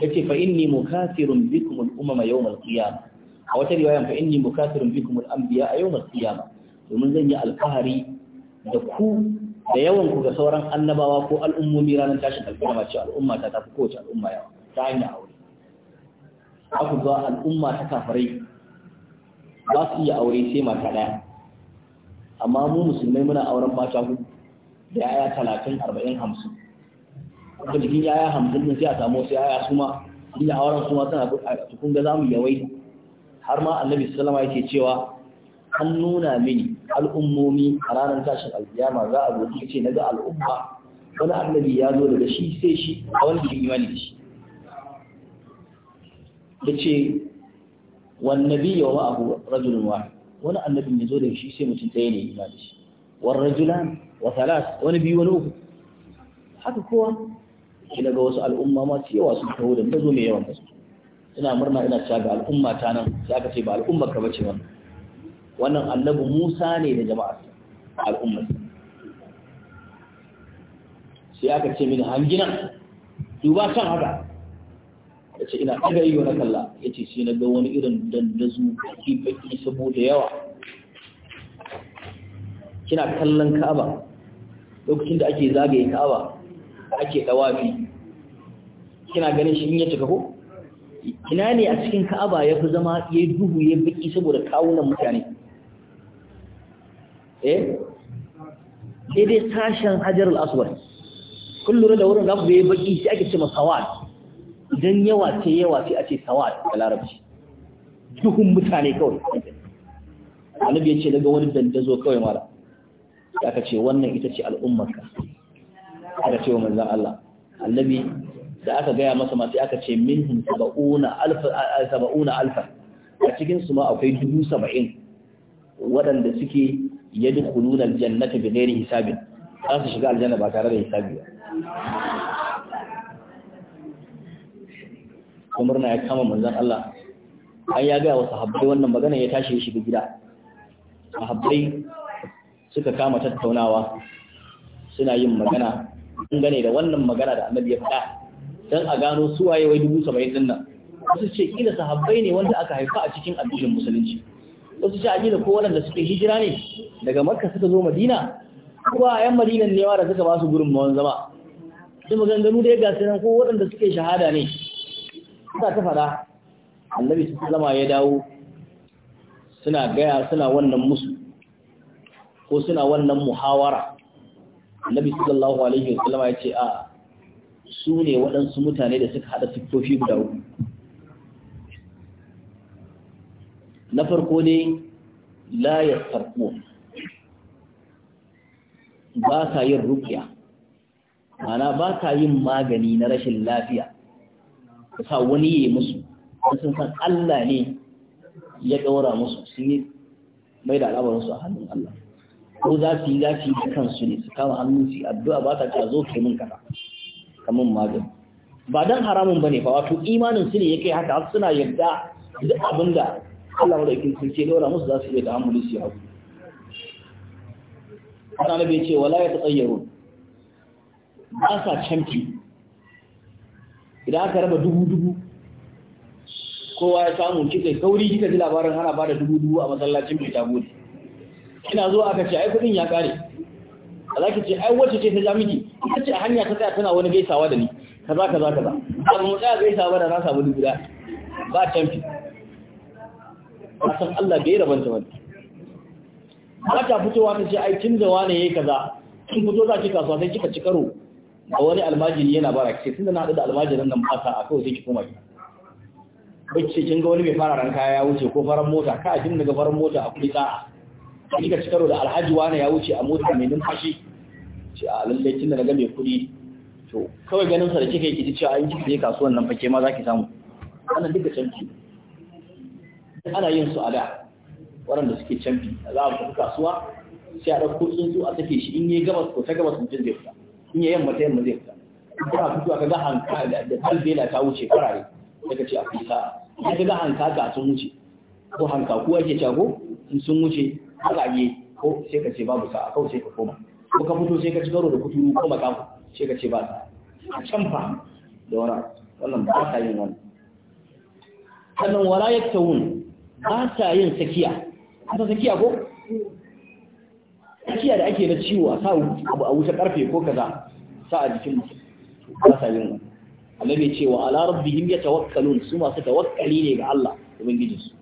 yace fa inni mukathirun bikum al umam yawm al qiyam a wata riwaya fa inni mukathirun bikum al-anbiya yawm al qiyam domin zan yi alfahari da ku da yawan ku ga sauran annabawa ko al'ummomi ranar tashin alkiyama ce al'umma ta tafi kowace al'umma yawa ta hanyar aure aku ga al'umma ta kafirai ba su iya aure sai mata ɗaya amma mu musulmai muna auren mata hudu da yaya talatin arba'in hamsin kuma jikin yaya hamsin din sai a samu wasu yaya su ma ila auren su ma tana tukun ga zamu yawai har ma annabi sallama yake cewa an nuna mini al'ummomi a ranar tashin alkiyama za a zo ce na ga al'umma wani annabi ya zo daga shi sai shi a wani jikin imani da shi da ce wannabi ya wa abu rajulun wa wani annabin ya zo daga shi sai mutum ɗaya ne imani da shi wani rajulan wa salas wani biyu wani uku haka kowa kila daga wasu al'umma ma yawa sun taho da tazo mai yawan gaske ina murna ina cewa ga al'umma ta nan sai aka ce ba al'umma ka bace wannan wannan annabi Musa ne da jama'a al'umma sai aka ce min hangina duba kan haka ya ce ina ɗaga yiwu na kalla ya ce sai na ga wani irin dandazu baki baki saboda yawa kina kallon ka'aba lokacin da ake zagaye ka'aba ake ɗawafi kina ganin shi in ya cika ko ina ne a cikin ka'aba ya fi zama ya yi duhu ya baki saboda kawunan mutane eh sai dai sashen hajar al'aswar Kullum da wurin zaku ya baki sai ake ce sawad idan yawa ce yawa sai a ce sawad da larabci duhun mutane kawai annabi ya ce daga wani dandazo kawai mara aka ce wannan ita ce al'ummarka aka ce wa manzan Allah annabi da aka gaya masa masu aka ce minhum saba'una alfa a cikin su ma akwai dubu saba'in waɗanda suke jannata da bighairi hisabin za su shiga aljanna ba tare da hisabi ba kuma rana ya kama manzan Allah an ya gaya wa sahabbai wannan magana ya tashi ya shiga gida a habdai suka kama tattaunawa suna yin magana dangane da wannan magana da annabi ya faɗa don a gano suwaye wai dubu saba'in din nan wasu ce kila sahabbai ne wanda aka haifa a cikin addinin musulunci wasu ce akila ko waɗanda suka hijira ne daga makka suka zo madina ko a yan madina ne ma da suka ba su gurin mawan zama sai maganganu da ya gasi nan ko waɗanda suke shahada ne suka ta fara annabi su zama ya dawo suna gaya suna wannan musu ko suna wannan muhawara annabi sallallahu alaihi wasallam ya ce a su ne waɗansu mutane da suka haɗa siffofi guda uku na farko ne layar farko ba ka yin rukiya mana ba ka yin magani na rashin lafiya ka sa wani yi musu sun san Allah ne ya ɗaura musu sun yi mai da musu a hannun Allah ko za su yi za su yi kansu ne su kama hannun su addu'a ba ta ka zo ke mun kasa. kamun magani ba dan haramun bane fa wato imanin su ne yake haka suna yarda da abinda Allah madaukin sun ce dora musu za su iya amuli su hawo Allah nabi ce wala ya tsayyaru ba sa canfi idan aka raba dubu dubu kowa ya samu kika sauri kika ji labarin ana bada dubu dubu a masallacin mai tagodi kina zuwa aka ce ai kudin ya kare za ki ce ai wacce ce ta jamiki ita ce a hanya ta tsaya tana wani gaisawa da ni kaza kaza kaza abu mu tsaya gaisawa da na samu guda ba canfi ba Allah bai rabanta wani Mata fitowa ta ce ai tun da wani yayi kaza kin fito za ki kasuwa sai kika ci karo da wani almajiri yana bara ki tun da na hadu da almajirin nan ba sa a kawai sai ki koma ki bacci kin ga wani mai fara ran kaya ya wuce ko farar mota ka a ajin daga farar mota a kudi sa'a kika ci karo da alhaji wani ya wuce a mota mai numfashi ce a lallai tun da na ga mai kuɗi to kawai ganin sa da kika yi kiji cewa an kika ne kasuwan nan fake ma za ki samu wannan duka canfi ana yin su a da waɗanda suke canfi za a tafi kasuwa sai a ɗauko tsuntsu a sake shi in yi gabas ko ta gabas mutum zai fita in yi yamma ta yamma zai fita kana fitowa ka ga hanka da talbela ta wuce farare ka ce a fita ya ka ga hanka ga sun wuce ko hanka kuwa ke cago in sun wuce a ko sai ka ce babu sa'a kawai sai ka koma ko ka fito sai ka ci karo da kuturu ko makamu sai ka ce ba a can fa da wara wannan ba sa yin wani. sannan wala ya wun ba sa yin ba ta sakiya ko sakiya da ake na ciwo a sa'u abu a wuce karfe ko kaza sa a jikin ba sa yin wani. Allah cewa ce wa ala rabbihim yatawakkalun su masu tawakkali ne ga Allah ubangijinsu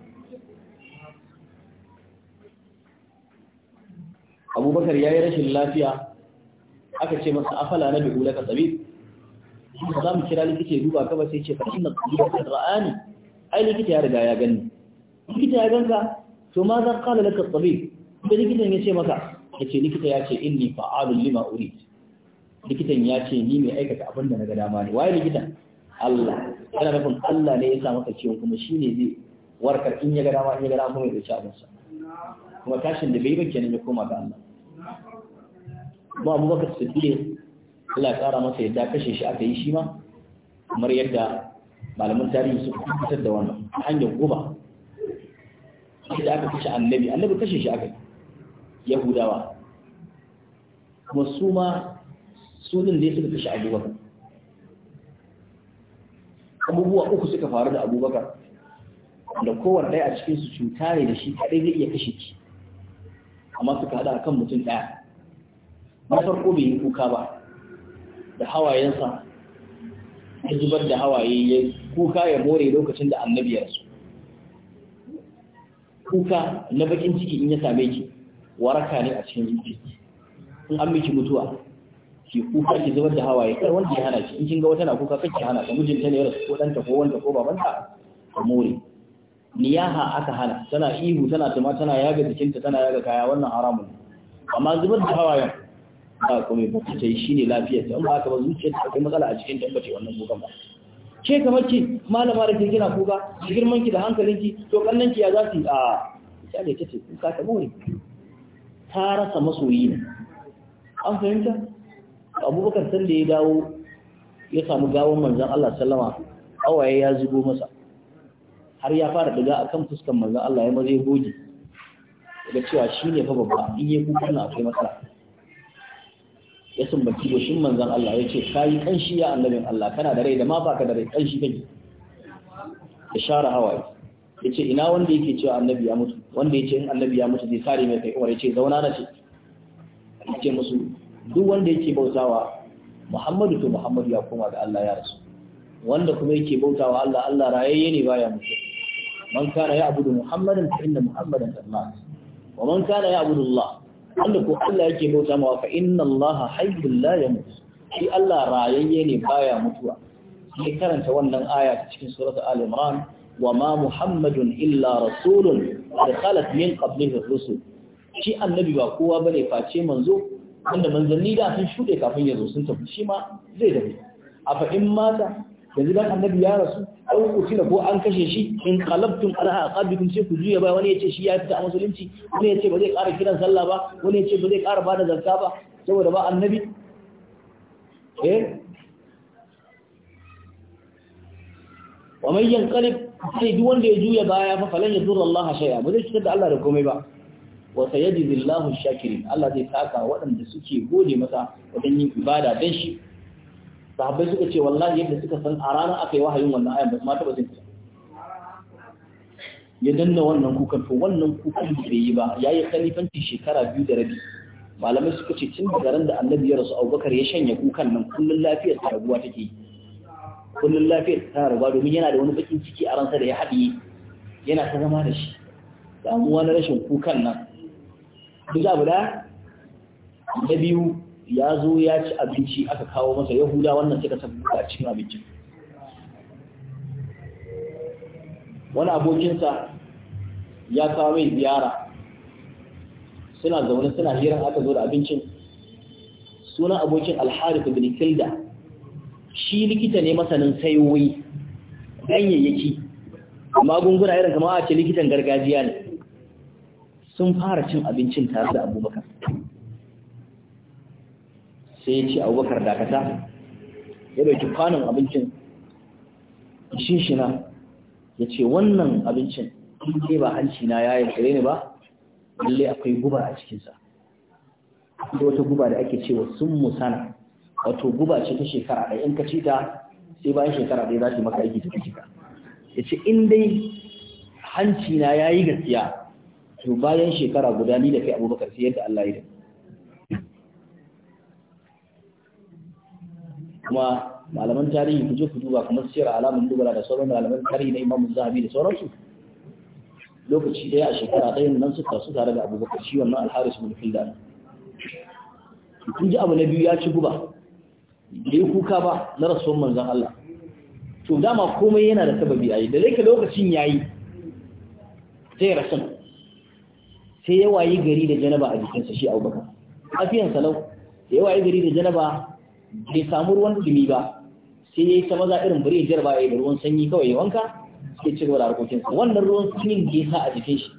abubakar ya yi rashin lafiya aka ce masa afala na bihu laka tsabi za mu kira likita ya duba kaba sai ce fa inna tsibirin ra'ani ai likita ya riga ya gani likita ya ganka to ma za kala laka tsabi da likitan ya ce maka ya ce likita ya ce inni Faadun lima urid likitan ya ce ni mai aikata abin da na ga dama ne waye likitan Allah yana nufin Allah ne ya sa maka ciwon kuma shi ne zai warkar in ya ga dama in ya ga dama kuma ya ɗauki abinsa kuma tashin da bai ba kenan ya koma ga Allah kuma abubakar siddiq Allah ya tsara masa yadda kashe shi aka yi shi ma kamar yadda malaman tarihi suka fitar da wannan a hanyar guba da aka kashe annabi annabi kashe shi aka yi yahudawa kuma su ma su din da suka kashe abubakar abubuwa uku suka faru da abubakar da kowar ɗaya a cikinsu cuta ne da shi kaɗai zai iya kashe shi amma suka haɗa kan mutum ɗaya na farko bai yi kuka ba da hawayensa ya zubar da hawaye ya kuka ya more lokacin da annabi ya rasu kuka na bakin ciki in ya same ki waraka ne a cikin zuci in an miki mutuwa ki kuka ki zubar da hawaye kar wanda ya hana ki in kin ga wata na kuka kai ki hana ta mijinta ne ya rasu ko danta ko wanda ko babanta ka more niyaha aka hana tana ihu tana tuma tana yaga jikinta tana yaga kaya wannan haramun amma zubar da hawayen ba kuma ba ta yi ne lafiyar ta amma haka zuciyar akwai matsala a cikin tabbace wannan kukan ke kamar ki malama da ke kina kuka ki girman da hankalin ki to kallon ki ya za su a misali kace ka ta bore ta rasa masoyi ne an fahimta abubakar san da ya dawo ya samu gawon manzon Allah sallama awaye ya zubo masa har ya fara daga akan fuskan manzon Allah ya maza ya goge da cewa shi ne fa babba in yi kuka na akwai matsala ya sumbaci goshin manzon Allah ya ce yi kanshi ya annabin Allah kana da rai da ma baka da rai kanshi kake ya share hawaye ya ce ina wanda yake cewa annabi ya mutu wanda ya ce in annabi ya mutu zai sare mai kai uwar ya ce zauna na ce ya ce musu duk wanda yake bautawa Muhammadu to Muhammadu ya koma da Allah ya rasu wanda kuma yake bautawa Allah Allah rayayye ne baya mutu man kana ya'budu muhammadin fa inna Muhammadan qad mat wa man kana ya'budu Allah wanda ko Allah yake bauta mawa fa inna Allah hayyul la yamut shi Allah rayayye ne baya mutuwa sai karanta wannan aya ta cikin surat al-imran wa ma muhammadun illa rasulun da khalat min qablihi rusul shi annabi ba kowa bane face manzo wanda manzanni da sun shude kafin ya zo sun tafi shi ma zai tafi a fa in mata yanzu dan annabi ya rasu an kutila ko an kashe shi in qalabtum ala aqabikum sai ku juya ba wani yace shi ya fita a musulunci wani yace ba zai ƙara kiran sallah ba wani yace ba zai ƙara bada zakka ba saboda ba annabi eh wa man yanqalib sai duk wanda ya juya baya fa falan yadurra Allah shay'a ba zai cutar da Allah da komai ba wa sayajizillahu shakirin Allah zai saka waɗanda suke gode masa wajen yin ibada dan shi sahabbai suka ce wallahi yadda suka san a rana aka yi wahayin wannan ayan ba ma jin ya danna wannan kukan to wannan kukan da bai yi ba ya yi kalifanci shekara biyu da rabi malamai suka ce tun da da annabi ya rasu abubakar ya shanya kukan nan kullum lafiyar ta raguwa take kullum lafiyar ta raguwa domin yana da wani bakin ciki a ransa da ya haɗiye yana ta zama da shi damuwa na rashin kukan nan duk abu da na biyu ya zo ya ci abinci aka kawo masa yahuda wannan suka sabu a cikin abincin wani abokinsa ya kawo mai ziyara suna zaune suna hira aka zo da abincin sunan abokin alharif ibn kilda shi likita ne masanin sayoyi ganyayyaki magunguna irin kama a ce likitan gargajiya ne sun fara cin abincin tare da abubakar sai ya ce abubakar dakata ya dauki kwanon abincin shishina ya ce wannan abincin ke ba hanci na ya yankare ne ba lalle akwai guba a cikinsa akwai wata guba da ake cewa sun musana wato guba ce ta shekara da in ka ci ta sai bayan shekara ɗaya za ta maka aiki ta cika ya ce in dai hanci na ya yi gaskiya to bayan shekara guda ni da kai abubakar sai yadda Allah ya da kuma malaman tarihi ku je ku duba kamar sayar alamun dubara da sauran malaman tarihi na imamu zahabi da sauransu lokaci ɗaya a shekara ɗaya nan suka su tare da abubakar shi wannan alharis bin fildan kun ji abu na biyu ya ci guba da yi kuka ba na rasuwan manzan Allah to dama komai yana da sababi a yi da zai ka lokacin ya yi sai rasun sai ya wayi gari da janaba a jikinsa shi abubakar afiyan salau ya wayi gari da janaba bai samu ruwan dumi ba sai ya yi ta maza irin bari ya ba ya yi ruwan sanyi kawai ya wanka sai ci gaba da wannan ruwan sanyi da ya sa a jikin shi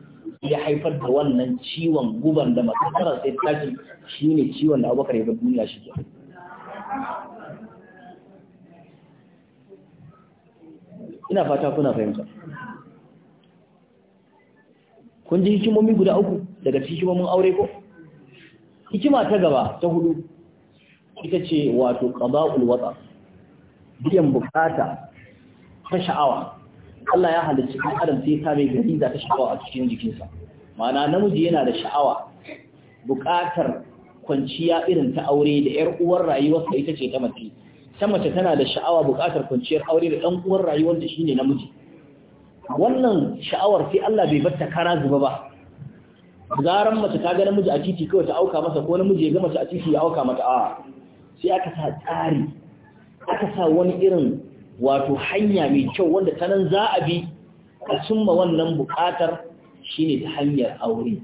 ya haifar da wannan ciwon guban da matsalar sai tashi shi ne ciwon da abubakar ya bar duniya shi ke ina fata kuna fahimta kun ji hikimomi guda uku daga cikin hikimomin aure ko hikima ta gaba ta hudu ita ce wato qada'ul wata biyan bukata ta sha'awa Allah ya halicci ɗan adam sai ta mai gari za ta sha'awa a cikin jikinsa ma'ana namiji yana da sha'awa bukatar kwanciya irin ta aure da ƴar uwar rayuwarsa ita ce ta mace ta mace tana da sha'awa bukatar kwanciyar aure da ɗan uwar rayuwar da shine namiji wannan sha'awar sai Allah bai bar ta kara zuba ba garan mace ta ga namiji a titi kawai ta auka masa ko namiji ya ga mace a titi ya auka mata a'a sai aka sa tsari aka sa wani irin wato hanya mai kyau wanda ta nan za a bi a cimma wannan buƙatar shine ta hanyar aure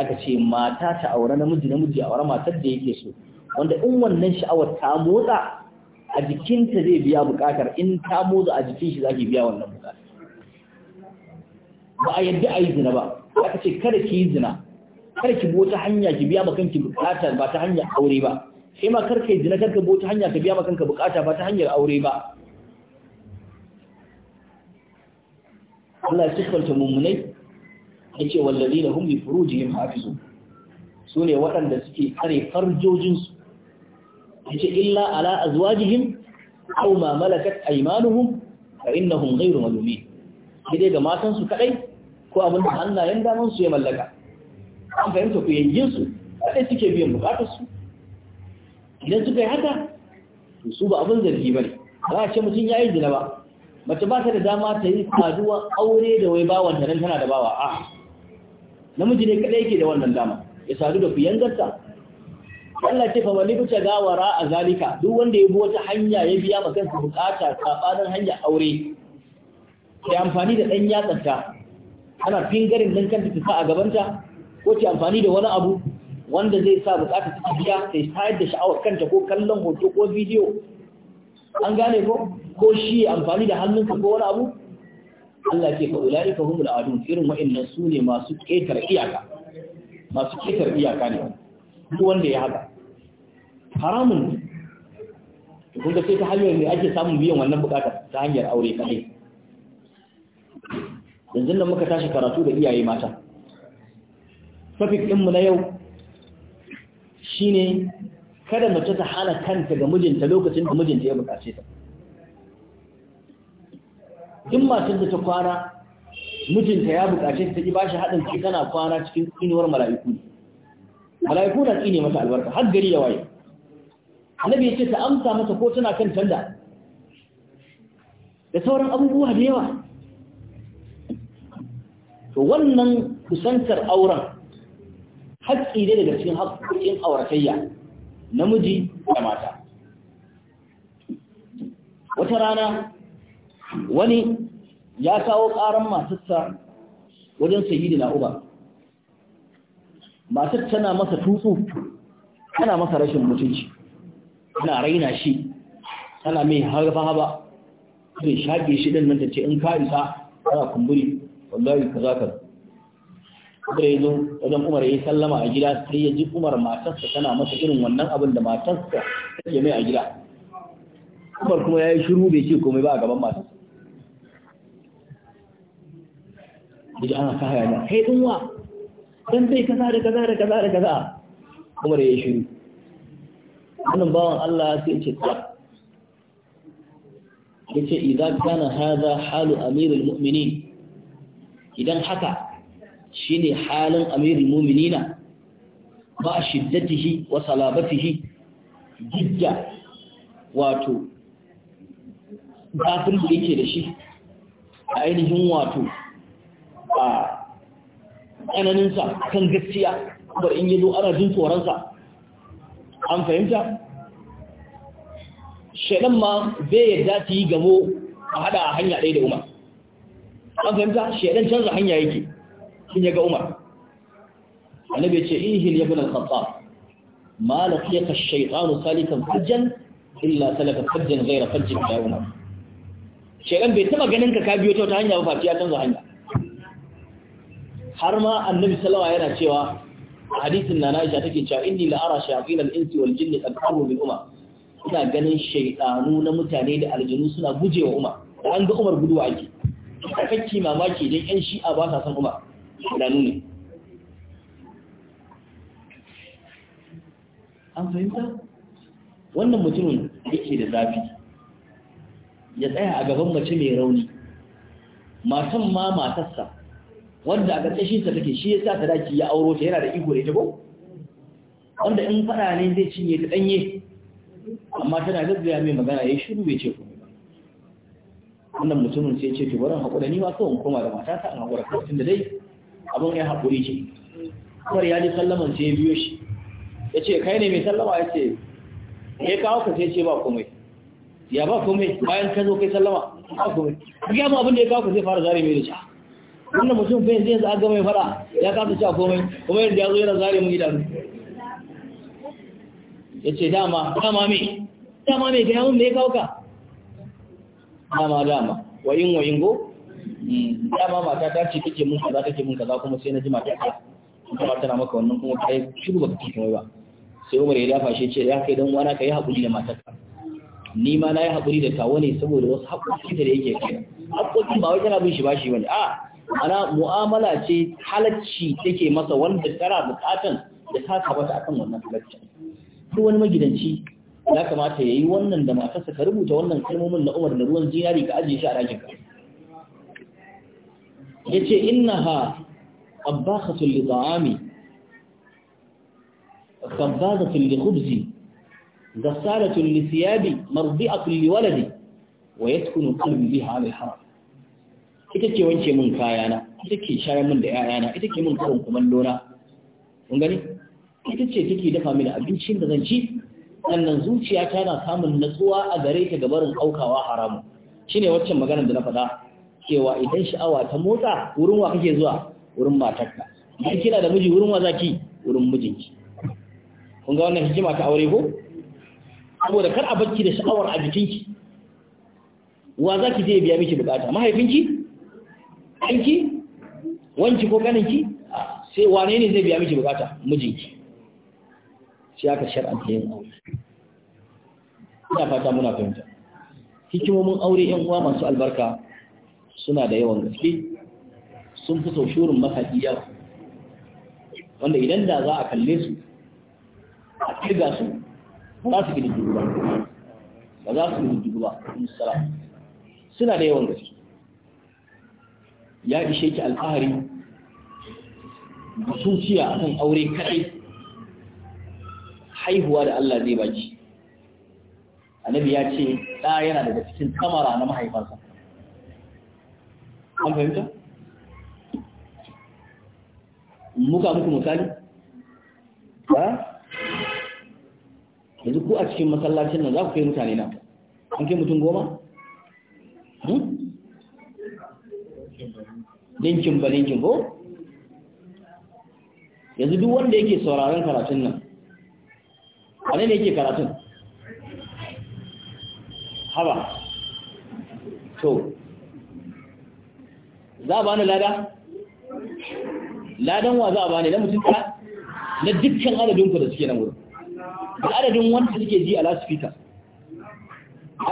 aka ce mata ta aure namiji namiji aure matar da yake so wanda in wannan sha'awar ta motsa a jikinta zai biya buƙatar in ta motsa a jikin shi zaki biya wannan buƙatar ba a yadda a yi zina ba aka ce kada ki yi zina kada ki bi wata hanya ki biya kanki buƙatar ba ta hanyar aure ba kai ma karka yi jinakar ka bota hanya ka biya ma kanka bukata ba ta hanyar aure ba Allah ya mummunai ya ce wallazi na humbi yin hafizu su ne waɗanda suke kare farjojinsu ya ce illa ala azwajihim au ma malakat a fa hun gairu malumi, dai ga matansu kaɗai kadai ko abin da hannayen damansu ya mallaka an fahimta ku yayin su suke biyan bukatarsu idan suka yi haka to su ba abin zargi bane ba a ce mutum ya yi zina ba mace ba ta da dama ta yi saduwa aure da wai bawan ta nan tana da bawa a namiji ne kadai yake da wannan dama ya sadu da gasta! Allah ce fa wani bisa ga wara a zalika duk wanda ya bi wata hanya ya biya ma kansa bukata sabanin hanya aure ya amfani da dan yatsanta ana fingarin dan kanta ta sa a gabanta ko ta amfani da wani abu wanda zai sa bukatar ta biya sai tayar da sha'awar kanta ko kallon hoto ko bidiyo an gane ko ko shi amfani da hannunsa ko wani abu Allah ke fa ulaika humul adun irin wa'annan su ne masu ketar iyaka masu ketar iyaka ne duk wanda ya haka haramun kun ga sai ta hanyar ne ake samun biyan wannan bukatar ta hanyar aure kadai yanzu nan muka tashi karatu da iyaye mata topic ɗinmu na yau shine kada mace ta hana kanta ga mijinta lokacin da mijinta ya bukace ta duk matar da ta kwana mijinta ya bukace ta ki bashi haɗin ki tana kwana cikin inuwar mala'iku mala'iku na tsine mata albarka har gari ya waye annabi ya ce ta amsa mata ko tana kan tanda da sauran abubuwa da yawa to wannan kusantar auren haƙƙi ne daga cikin haƙƙoƙin auratayya namiji da mata wata rana wani ya kawo ƙaran matarsa wajen sayi da uba matar tana masa tutsu tana masa rashin mutunci tana raina shi tana mai harfa haba zai shaƙe shi ɗin nan ta in ka isa tana kumburi wallahi ka za ka Umar ya zo wajen Umar ya sallama a gida sai ya ji Umar matarsa tana masa irin wannan abin da matarsa take mai a gida. Umar kuma ya yi shiru bai ce komai ba a gaban matarsa. Yaji ana kaya na kai din wa dan zai kaza da kaza da kaza da kaza. Umar ya yi shiru. Wannan bawan Allah sai ya ce yace idza kana hadha halu amirul mu'minin idan haka shine halin amirin mu'minina ba shiddatihi wa salabatihi Gidda, wato zafin da yake da shi a ainihin wato a tsananinsa kan gaskiya ba in yi zo ana jin tsoronsa an fahimta shaidan ma bai yadda ta yi gamo a hada a hanya ɗaya da umar an fahimta shaidan canza hanya yake shin ya ga Umar annabi ya ce ihil ya bin al-khattab ma la yaka ash-shaytanu salikan fajjan illa salaka fajjan ghayra fajjin ya Umar shaytan bai taba ganin ka ka biyo ta hanya ba fatiya canza hanya har ma annabi sallallahu yana cewa a hadisin na Aisha take cewa inni la ara shayatin al-insi wal jinni qad qaru bil ina ganin shaytanu na mutane da aljinu suna gujewa Umar, da an ga umar guduwa ake kakki mamaki dan yan shi'a ba sa san umar shaidanu ni. an fahimta wannan mutumin yake da zafi ya tsaya a gaban mace mai rauni matan ma matarsa wanda a ƙarƙashin ta take shi ya sa ta daki ya auro ta yana da iko da ita ko wanda in faɗa ne zai cinye ta ɗanye amma tana gaggaya mai magana ya shiru bai ce komai wannan mutumin sai ce to bari hakura ni ma kawai koma da matata in hakura tun da dai abin ya haƙuri ce Umar ya ji sallaman sai ya biyo shi ya ce kai ne mai sallama ya ce ya kawo ka sai ce ba komai ya ba komai bayan ka zo kai sallama ba komai ka gaya abin da ya kawo ka sai fara zare mai da shi wannan mutum fa zai yanzu an gama mai fara ya kawo ta komai kuma yanzu ya zo yana zare mu idanu ya ce dama dama me dama me ga yawon da ya kawo ka dama dama wayin wayin go dama mata ta ce take mun kaza take mun kaza kuma sai na ji mata ta kuma tana maka wannan kuma kai shiru baka kike mai ba sai Umar ya dafa shi ce ya kai dan wani kai hakuri da ka ni ma na yi hakuri da ka ne saboda wasu hakuri da yake kai hakuri ba wai kana bin shi bashi bane a ana mu'amala ce halacci take masa wanda tana bukatan da ta saba ta akan wannan halacci duk wani magidanci ya kamata yayi wannan da matarsa ka rubuta wannan kalmomin na Umar da ruwan zinari ka ajiye shi a rajin ka yace innaha abbakhatun li ta'ami khabbadatun li khubzi ghassalatun li thiyabi mardi'atun li waladi wa yaskunu qalbi biha al haram ita ce wanke mun kayana ita ke shayar mun da 'ya'yana ita ke mun karin kumallo na kun gani ita ce take dafa mini abincin da zan ci sannan zuciya ta na samun natsuwa a gare ta gabarin aukawa haramu shine waccan maganar da na faɗa cewa idan sha'awa ta motsa wurin wa kake zuwa wurin matarka idan kina da miji wurin wa zaki wurin mijinki kun ga wannan hikima ta aure ko saboda kar a bacci da sha'awar a jikinki wa zaki je biya miki bukata mahaifinki ɗanki wanki ko ganinki, sai wane ne zai biya miki bukata mijinki shi aka shar'anta yin aure ina fata muna fahimta hikimomin aure yan uwa masu albarka suna da yawan gaske sun fi saushurin makaɗi wanda idan da za a kalle su a kirga su ba su gidi dubu ba ba za su gidi dubu ba musala suna da yawan gaske ya ishe ki alfahari masuciya a kan aure kaɗai haihuwa da Allah zai baki annabi ya ce ɗa yana daga cikin kamara na mahaifarsa an fahimta muka muku misali ba yanzu ko a cikin masallacin nan za ku kai mutane na an kai mutum goma ninkin hmm? ba ninkin ko yanzu duk wanda yake sauraron karatun nan wane ne yake karatun haba to za a bani lada ladan wa za a bani na mutum ta na dukkan adadin ku da suke nan wurin da adadin wanda suke ji a lasifika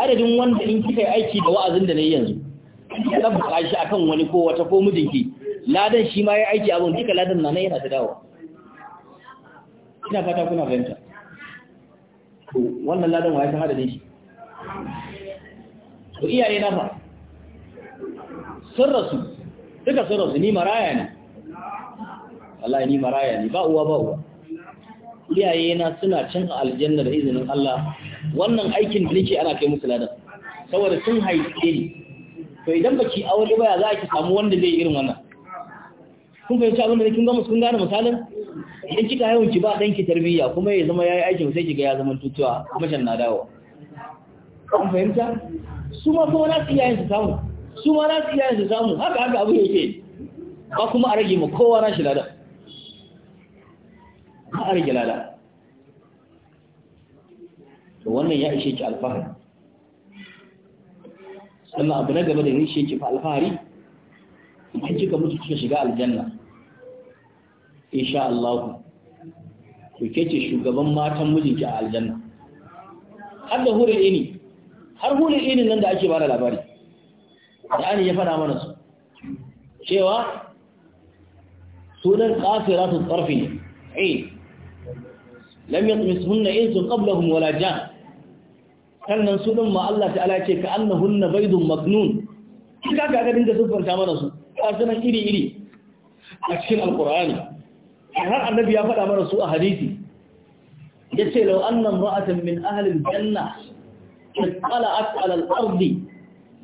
adadin wanda in kika yi aiki da wa'azin da na yi yanzu kika ɗabba shi akan wani ko wata ko mijinki ladan shi ma ya aiki abin duka ladan na yana ta dawa. ina fata kuna fahimta to wannan ladan wa ya san adadin shi to iyaye na fa sun rasu duka sun su ni maraya ne wallahi ni maraya ne ba uwa ba uwa iyaye na suna can aljanna da izinin Allah wannan aikin da nake ana kai musu ladan saboda sun haife ni to idan baki aure ba za ki samu wanda zai irin wannan kun fahimci abin da kin ga musu kun gane misalin idan kika yawan ki ba ki tarbiyya kuma ya zama yayi aikin sai kiga ya zama tutuwa shan na dawo kun fahimta su ma kuma na su iyayen su samu su ma za su iya su samu haka haka abu yake ba kuma a rage ma kowa na shi lada ba a rage lada da wannan ya ishe ki alfahari sannan abu na gaba da ya ishe ki fa alfahari in kika mutu kika shiga aljanna insha Allah ku kece shugaban matan mijinki a aljanna har da hurin ini har hurin ini nan da ake bada labari Qur'ani ya faɗa mana su cewa sunan qasiratu tsarfi ai eh. lam yatmishunna insun qablahum wala jan sannan sunan ma Allah ta'ala ce ka annahunna baydun magnun kika ga ga dinga sufanta mana su sunan iri iri a cikin alqur'ani har annabi ya faɗa mana su a hadisi yace law anna imra'atan min ahli aljanna طلعت على الأرض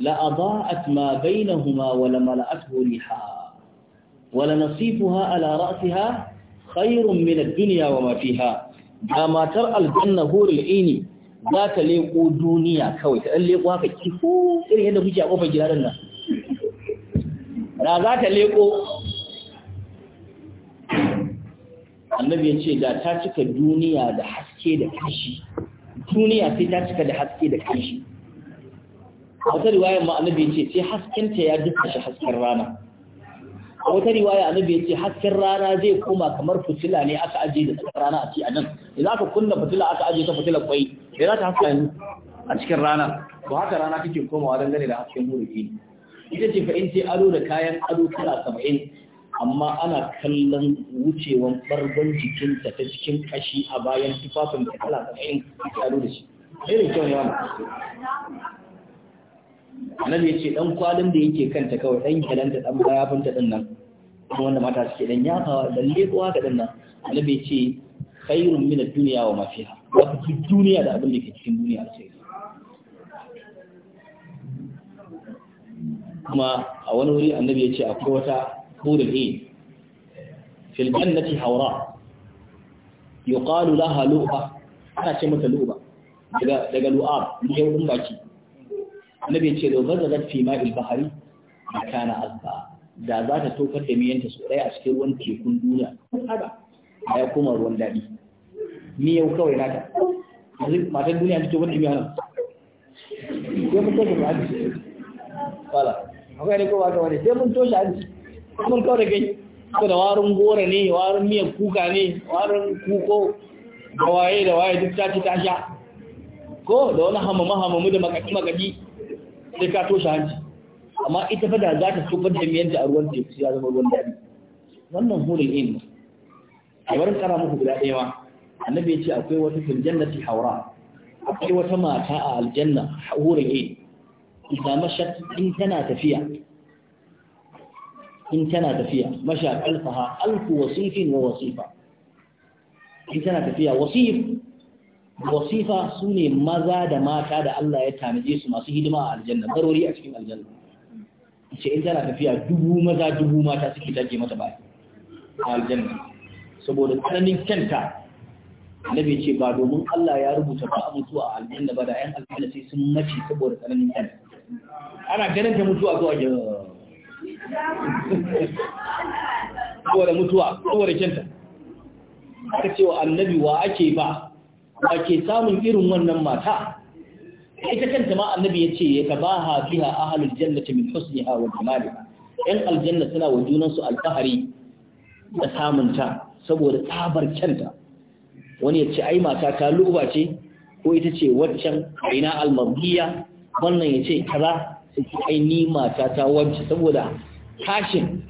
لأضاءت ما بينهما ولملأته ريحا ولنصيفها على رأسها خير من الدنيا وما فيها ما ترى الجنة هور العين ذات ليقو دنيا كوي تقول ليقو هكا كيفو إيه هنا فيجي أقوفا جلالنا لا ذات ليقو annabi ya ce da ta cika duniya da haske da kashi duniya sai ta cika da haske da kashi a wata riwaya ma annabi ce sai haskenta ya duka shi hasken rana a wata riwaya annabi ce hasken rana zai koma kamar fitila ne aka aje da tsakar rana a ci a nan idan aka kunna fitila aka aje ta fitila kwai sai za ta haska a cikin rana to haka rana kake komawa dangane da hasken hurufi ita ce fa in ce ado da kayan ado kala saba'in amma ana kallon wucewan bargon jikinta ta cikin kashi a bayan tufafin kala saba'in ado da shi irin kyau ne wannan annabi ya ce dan kwalin da yake kanta kawai dan gyalanta dan bayafinta din nan wanda mata suke dan yafawa dan lekuwa ga din nan annabi ya ce khairun min ad-dunya wa ma fiha wato duniya da abin da ke cikin duniya sai kuma a wani wuri annabi ya ce akwai wata hurul na fil jannati hawra yuqalu laha lu'a ana ce mata lu'a daga daga lu'ab ne baki annabi ya ce da zazzazat fi ma'il bahari da kana azba da za ta tofar da miyanta su ɗaya a cikin ruwan tekun duniya haɗa a ya koma ruwan daɗi yau kawai nata yanzu matan duniya ta tofar da miya nan ya fi tofar da hadisi wala akwai ne ko ba ka wani sai mun toshe hadisi mun kawai da kai ko da warin gora ne warin miyan kuka ne warin kuko da waye da waye duk ta ci ta sha ko da wani hamamu hamamu da makaki makaki sai ka toshe hanci amma ita fa da za ta tofar da miyanta a ruwan teku sai ya zama ruwan daɗi wannan hulul ilm a barin kara muku guda ɗaya ma annabi ya ce akwai wata fil jannati haura akwai wata mata a aljanna hulul ilm idan mashat in tana tafiya in tana tafiya masha alfaha alfu wasifin wa wasifa in tana tafiya wasif wasifa su ne maza da mata da Allah ya tanaje su masu hidima a aljanna barori a cikin aljanna ce in tana tafiya dubu maza dubu mata suke take mata baya a aljanna saboda tsananin kyanta annabi ce ba domin Allah ya rubuta ba mutuwa a aljanna ba da 'yan aljanna sai sun mace saboda tsananin kyanta ana ganin ta mutuwa zuwa ga saboda mutuwa saboda kyanta aka ce wa annabi wa ake ba ba ke samun irin wannan mata ita kanta ma annabi ya ce ya tabaha biha ahlul jannati min husniha wa jamaliha yan aljanna suna wa junansu alfahari da samunta saboda tsabar kyanta wani ya ce ai mata ta luba ce ko ita ce waccan aina almarbiya wannan ya ce kaza sai ai ni mata ta wance saboda tashin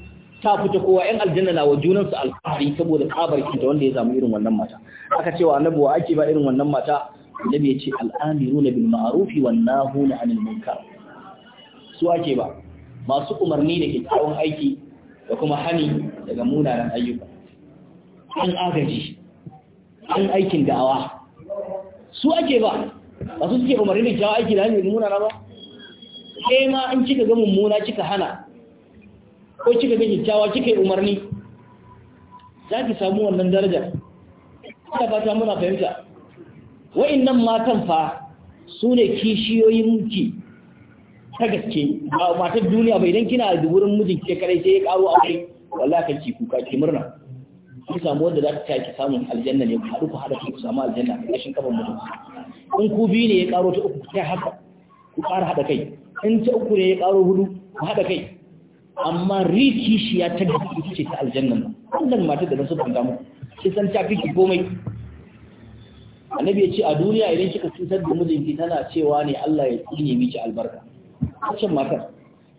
ta fita kowa yan aljanna na wa junan su alfahari saboda kabarkin ta wanda ya samu irin wannan mata aka ce wa annabi wa ake ba irin wannan mata annabi ya ce al'amiruna bil ma'rufi wa nahuna 'anil munkar su ake ba masu umarni da kyakkyawan aiki da kuma hani daga munanan ayyuka an agaji an aikin da'awa su ake ba ba su suke umarni da kyawun aiki da hani da munana ba kai ma in kika ga mummuna kika hana ko kika ga kyakkyawa kika yi umarni za ki samu wannan daraja ina fata muna fahimta wa'annan matan fa su ne kishiyoyin ki ta gaske ba matar duniya bai don kina da wurin mijin ke kare sai ya karo aure wallahi ki kuka ki murna ki samu wanda za ta ki samu aljanna ne ku haɗu ku haɗa ku samu aljanna a ƙarshen kafan mutum in ku biyu ne ya karo ta uku ta haka ku ƙara haɗa kai in ta uku ne ya karo hudu ku haɗa kai amma riki shi ya ta gaske ce ta aljannan wannan mata da nasu banga mu shi san ta fi komai annabi ya ce a duniya idan kika cutar da mijinki tana cewa ne Allah ya tsine miki albarka wacce matar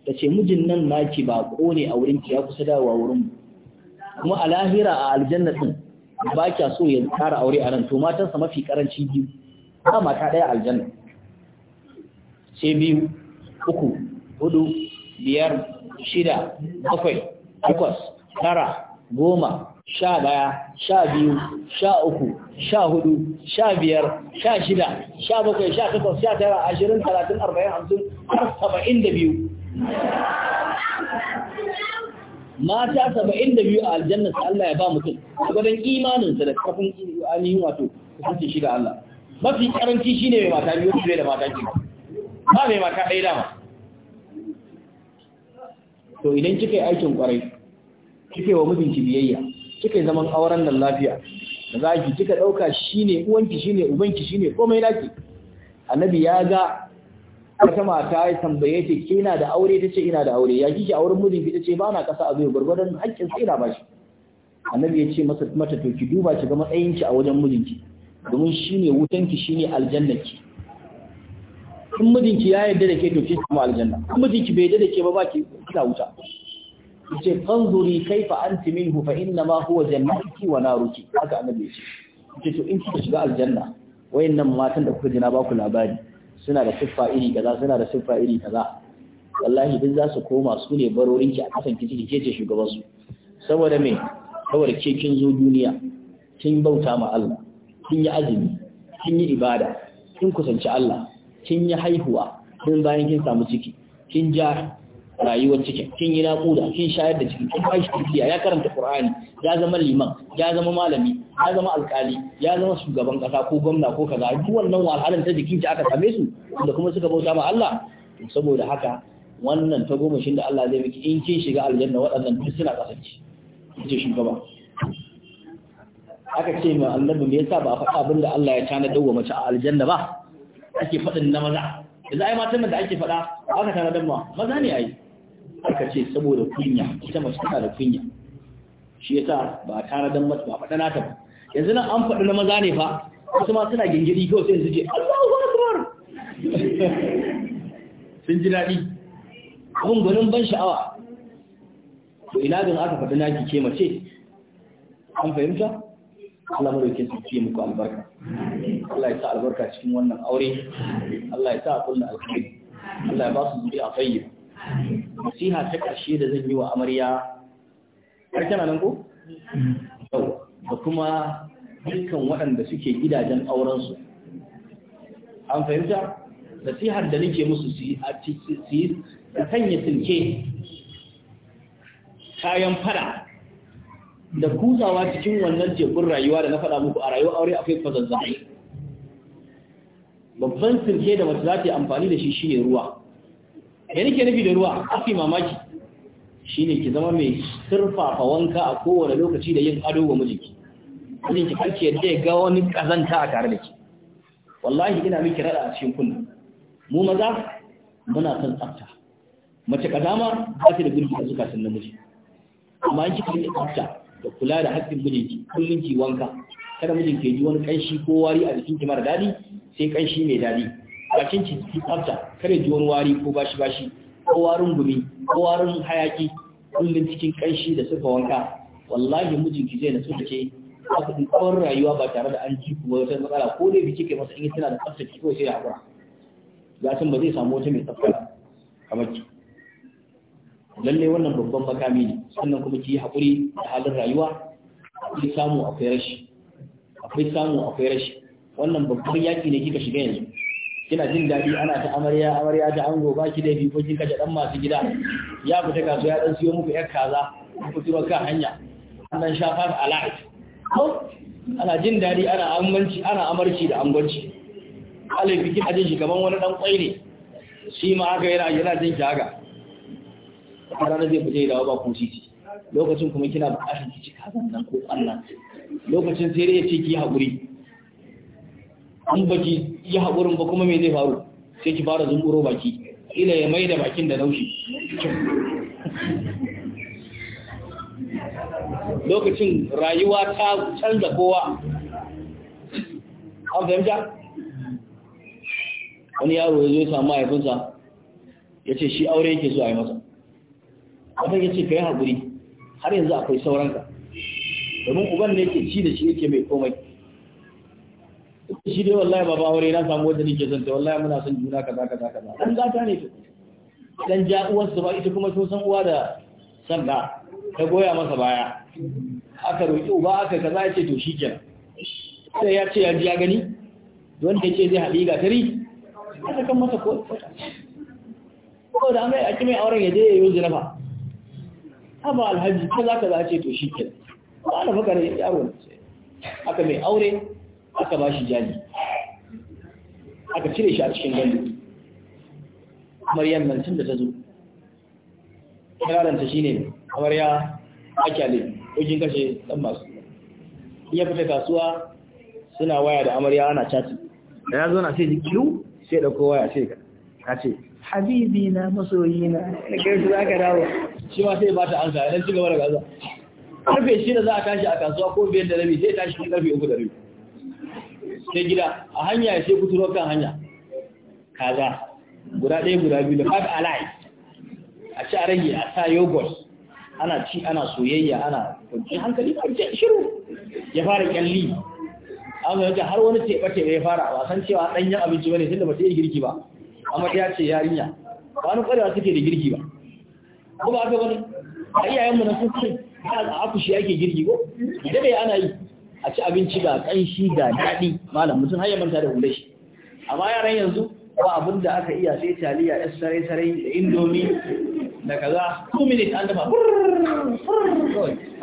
ta ce mijin nan naki ba ne a wurin ki ya kusa dawowa wurin mu kuma a lahira a aljanna din ba kya so ya tsara aure a nan to sa mafi karanci biyu ba mata ɗaya aljanna sai biyu uku hudu biyar shida bakwai takwas tara goma sha daya sha biyu sha uku sha hudu sha biyar sha shida sha bakwai sha takwas sha tara ashirin talatin arba'in hamsin har saba'in da biyu mata saba'in da biyu a aljanna su Allah ya ba mutum a gwadon imaninsa da kafin ainihin wato kusurci shi da Allah mafi karanci shi ne mai mata biyu su da mata biyu ba mai mata ɗaya dama to idan kika yi aikin kwarai kika yi wa mijinki biyayya kika yi zaman auren nan lafiya da za ki kika ɗauka shine uwanki shine ubanki shine komai laki annabi ya ga wata mata ya tambaye ta kina da aure tace ina da aure ya kike auren mijinki tace ba na kasa abu gurgurdan haƙƙin sai na bashi annabi ya ce masa mata to ki duba ki ga matsayin ki a wajen mijinki domin shine wutanki shine aljannaki in mijinki ya yarda da ke to ke samu aljanna in mijinki bai yarda da ke ba ba ki kina wuta ce fanzuri kaifa anti minhu fa inna ma huwa jannatuki wa naruki haka annabi ce ce to in kika shiga aljanna wayannan matan da kuka jina ba ku labari suna da siffa iri kaza suna da siffa iri kaza wallahi duk za su koma su ne barorin ki a kasan kici ke ce shugaban su saboda me saboda ke kin zo duniya kin bauta ma Allah kin yi azumi kin yi ibada kin kusanci Allah kin yi haihuwa don bayan kin samu ciki kin ja rayuwar cikin kin yi naƙuda kin shayar da ciki kin ba shi tafiya ya karanta ƙur'ani, ya zama liman ya zama malami ya zama alƙali ya zama shugaban ƙasa ko gwamna ko kaza duk wannan wahalar ta jikin ki aka same su da kuma suka bauta ma Allah saboda haka wannan ta goma shin da Allah zai miki in kin shiga aljanna waɗannan duk suna kasance ce shugaba aka ce ma annabi me yasa ba a faɗa abin da Allah ya tana dawo mace a aljanna ba ake faɗin na maza yanzu yi matan da ake faɗa ba ka tara damuwa maza ne yi aka ce saboda kunya ita mace tana da kunya shi ya sa ba tara dan mata ba faɗa nata ba yanzu nan an faɗi na maza ne fa wasu ma suna gingiri kawai sai su je Allahu akbar <laughs> sun ji daɗi abun gwanin ban sha'awa to ina gan aka faɗi naki ke mace an fahimta Allah su ce muku albarka Allah ya sa albarka cikin wannan aure Allah ya sa a kullu alkhairi Allah ya ba su a tayyib nasiha ta ƙarshe da zan yi wa amarya har kana nan ko da kuma dukkan waɗanda suke gidajen aurensu an fahimta nasihar da nake musu su yi sanya silke kayan fada da kuzawa cikin wannan tekun rayuwa da na faɗa muku a rayuwa aure akwai fazazzai babban sirke da mace za ta yi amfani da shi shine ruwa ya nake nufi da ruwa afi mamaki Shi ne ki zama mai surfafa wanka a kowane lokaci da yin ado wa mijinki mijinki kanki yadda ya ga wani kazanta a tare da ki wallahi ina miki rada a cikin kunna mu maza muna son tsafta mace kadama ba ta da gurbi a zukatan namiji amma yanki kan yi tsafta da kula da haƙƙin mijinki kullum ki wanka kada mijin ke ji wani ƙanshi ko wari a jikin ki mara daɗi sai ƙanshi mai daɗi bakin ki ki tsafta kada ji wani wari ko bashi bashi ko warin gumi ko warin hayaki kullum cikin ƙanshi da suka wanka wallahi mijinki zai nasu da ke aka ɗin tsawon rayuwa ba tare da an ji kuma wata matsala ko dai biki ke masa in yi tana da tsafta ki ko sai ya haƙura ya san ba zai samu wata mai tsafta kamar ki lalle wannan babban makami ne sannan kuma ki yi haƙuri da halin rayuwa akwai samu akwai rashi akwai samu akwai rashi wannan babban yaƙi ne kika shiga yanzu kina jin daɗi ana ta amarya amarya ta ango ba ki da bi ko kin kaje dan masu gida ya fita kasuwa ya dan siyo muku yar kaza ku tura kan hanya an dan shafa a la'i ana jin daɗi ana amanci ana amarci da angwanci alai bikin ajin shi kaman wani dan kwai ne shi ma haka yana yana jin shi haka a ranar zai fita ya dawo ba kun titi lokacin kuma kina bukatar ki cika zannan ko Allah lokacin sai dai ya ce ki yi haƙuri An baki yi haƙurin ba kuma me zai faru sai ki fara zunguro baki ila ya mai da bakin da laushi lokacin rayuwa ta canza kowa an fahimta wani yaro ya zo ya samu mahaifinsa ya ce shi aure yake so a yi masa abin ya ce ka yi haƙuri har yanzu akwai sauranka domin uban ne ke ci da shi yake mai komai shi dai wallahi ba aure na samu wanda nake son ta wallahi muna son juna kaza kaza kaza dan gata ne to dan ja uwarsa ba ita kuma sun san uwa da sanda ta goya masa baya aka roki uba aka kaza ya ce to shikenan sai ya ce ya ji ya gani ta ce zai haɗi ga tari aka kan masa ko ko da an ga ake mai auren ya je ya yi zina ba amma alhaji ta za ka za ce to shi ke ba na fakar yaro aka mai aure aka ba shi jani aka cire shi a cikin gani maryam nan tun da ta zo kiraranta shi ne kamar ya akyale ɗogin kashe ɗan masu ya fita kasuwa suna waya da amarya ana cati da ya zo na sai jikiru sai ɗauko waya sai ka ce habibi na masoyi na da za ka dawo shi sai ba ta ansa idan cigaba da kaza karfe shida za a tashi a kasuwa ko biyar da rabi sai tashi kan karfe uku da rabi sai gida a hanya ya sai kuturo kan hanya kaza guda ɗaya guda biyu da fat alai a ci a rage a sa yogurt ana ci ana soyayya ana kwanci hankali a shiru ya fara kyalli an zai har wani teɓa-teɓa ya fara wasan cewa ɗanyen abinci bane tunda ba ta yi girki ba amma ya ce yarinya wani kwarewa suke da girki ba ko ba haka bane a iyayenmu na sun ce a shi ake girgi ko da dai ana yi a ci abinci ga kanshi ga daɗi malam mutum har ya manta da hulai shi amma yaran yanzu ba abin da aka iya sai taliya ya sare-sare da indomi da kaza 2 minutes an dama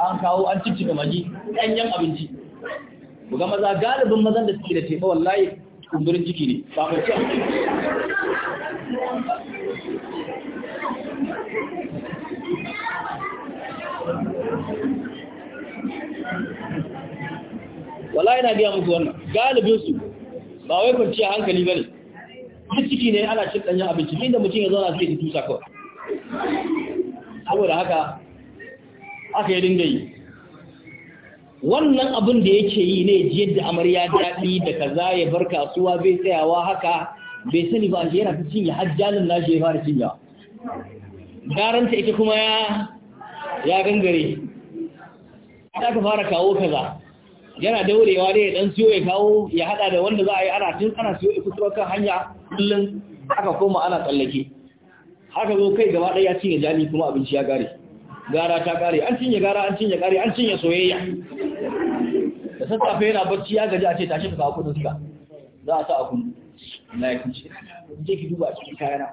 an kawo an cikin ga maji ɗanyen abinci ku maza galibin mazan da suke da teba wallahi kumburin ciki ne ba ku ce wala yana biya musu wannan galibinsu ba wai kwanciya hankali ba ne duk ciki ne ana cin ɗanyen abinci inda mutum ya zauna ya tusa kawai saboda haka aka yi dinga yi wannan abin da yake yi ne ji yadda amarya daɗi da kaza ya bar kasuwa bai tsayawa haka bai sani ba shi yana ta cinye hajjalin nashi ya fara cinyawa garanta ita kuma ya ya gangare ta ka fara kawo kaza yana daurewa ne dan siyo ya kawo ya hada da wanda za a yi ana tun ana siyo ikusurwa kan hanya kullum aka koma ana tsallake haka zo kai gaba ɗaya cinye jami kuma abinci ya gare gara ta gare an cinye gara an cinye gare an cinye soyayya da sassafe yana bacci ya gaji a ce tashi ka kawo kudin suka za a sa a kunu na ya kunce je ki duba a cikin kayana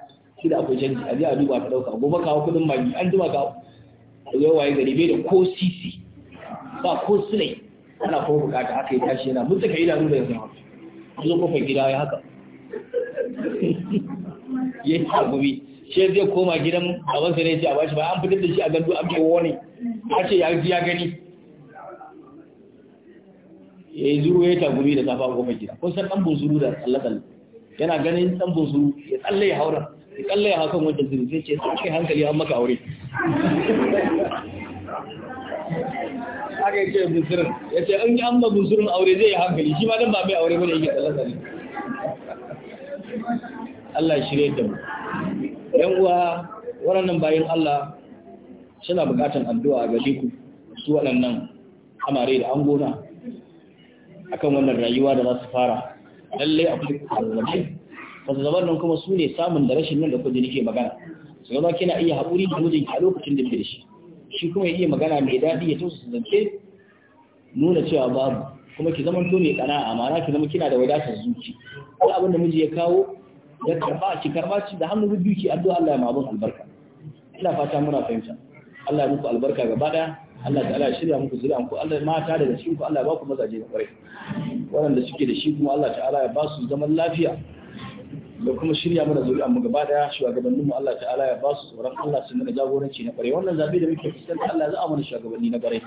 shi da akwai canji a a duba ka ɗauka gobe kawo kudin magi an duba kawo yau waye gari bai da ko sisi ba ko silai ana kuma bukata aka yi tashi yana mutu yi lalu da yanzu haka, zo kofar gida ya haka ya yi agumi shi zai koma gidan abansa ne ce a bashi ba an fitar da shi a gandu an kai wani a ce ya gani ya yi zuru ya yi tagumi da safa kofar gida kun san ɗan bozuru da tsalle-tsalle yana ganin ɗan bozuru ya tsalle ya haura ya tsalle ya hakan wajen zuru sai ce sai hankali an maka aure haka yake buzurin ya ce an yi an ma aure zai yi hankali shi ma dan ba mai aure bane yake tsalle-tsalle. Allah ya shirye da mu yan uwa waɗannan bayan Allah suna buƙatar addu'a ga ku su waɗannan amare da an gona akan wannan rayuwa da za su fara lalle akwai kwazazzabai kwazazzaban nan kuma su ne samun da rashin nan da kuma kudi nake magana su gaba kina iya haƙuri da mijinki a lokacin da da shi shi kuma ya iya magana mai daɗi ya tosa zance nuna cewa babu kuma ki zama to kana kana'a ki zama kina da wadatar zuci ko abin da miji ya kawo ya karba ki karba shi da hannu rubuci ki addu'a Allah ya mabun albarka ina fata muna fahimta Allah ya muku albarka gaba daya Allah ta'ala ya shirya muku zuriya Ku Allah mata daga cikin ku Allah ya ba ku mazaje da kwarai waɗanda suke da shi kuma Allah ta'ala ya ba su zaman lafiya da kuma shirya mana zuri'an mu gaba daya shugabannin mu Allah ta'ala ya ba su tsoron Allah su mana jagoranci na bare wannan zabi da muke fuskanta Allah ya za'a mana shugabanni na bare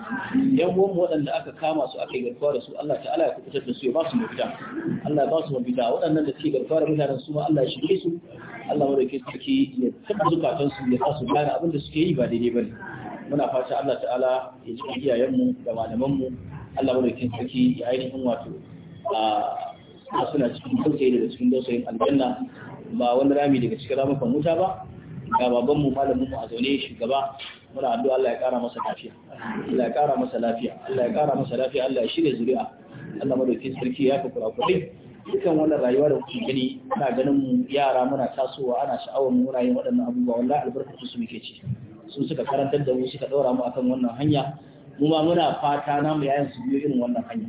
yan uwan mu waɗanda aka kama su aka yi garkuwa da su Allah ta'ala ya kubutar da su ya ba su mafita Allah ya ba su mafita waɗannan da suke garkuwa da mutanen su ma Allah ya shige su Allah mu da ke suke ya taɓa zukatan su ya sa su gane abin da suke yi ba daidai ba ne. muna fata Allah ta'ala ya ji iyayen mu da malaman Allah mu da ke suke ya ainihin wato a ah, a suna cikin dausayi daga cikin dausayin aljanna ba wani rami daga cikin ramukan wuta ba ga babanmu malamin mu a zaune shugaba muna addu'a Allah ya kara masa lafiya Allah ya kara masa lafiya Allah ya kara masa lafiya Allah ya shirya zuri'a Allah madauki sarki ya fi kurakurai dukkan wannan rayuwa da kuke gani ana ganin mu yara muna tasowa ana sha'awar mu muna yin waɗannan abubuwa wallahi albarkatu su muke ci sun suka karantar da mu suka ɗora mu akan wannan hanya mu ma muna fata namu yayin su biyo irin wannan hanya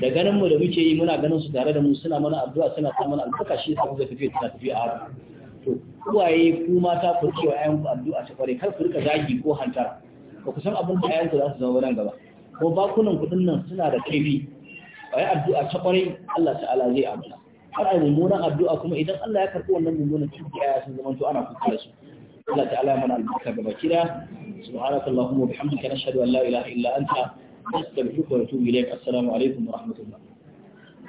da ganin mu da muke yi muna ganin su tare da mu suna mana addu'a suna ta mana albarka shi sai muka tafi tana tafiya a haka to uwaye ku mata ku ce wa ayan ku addu'a ta kware kar ku rika zagi ko hantara ba ku san abin da ayan ku za su zama nan gaba ko bakunan kuɗin nan suna da kaifi ayi addu'a ta kware Allah ta'ala zai amsa har ai mummunan addu'a kuma idan Allah ya karɓi wannan mummunan cikin ya sun zama to ana kuka da su Allah ta'ala ya mana albarka gaba kira subhanakallahumma wa bihamdika nashhadu an la ilaha illa anta نستغفرك ونتوب إليك السلام عليكم ورحمة الله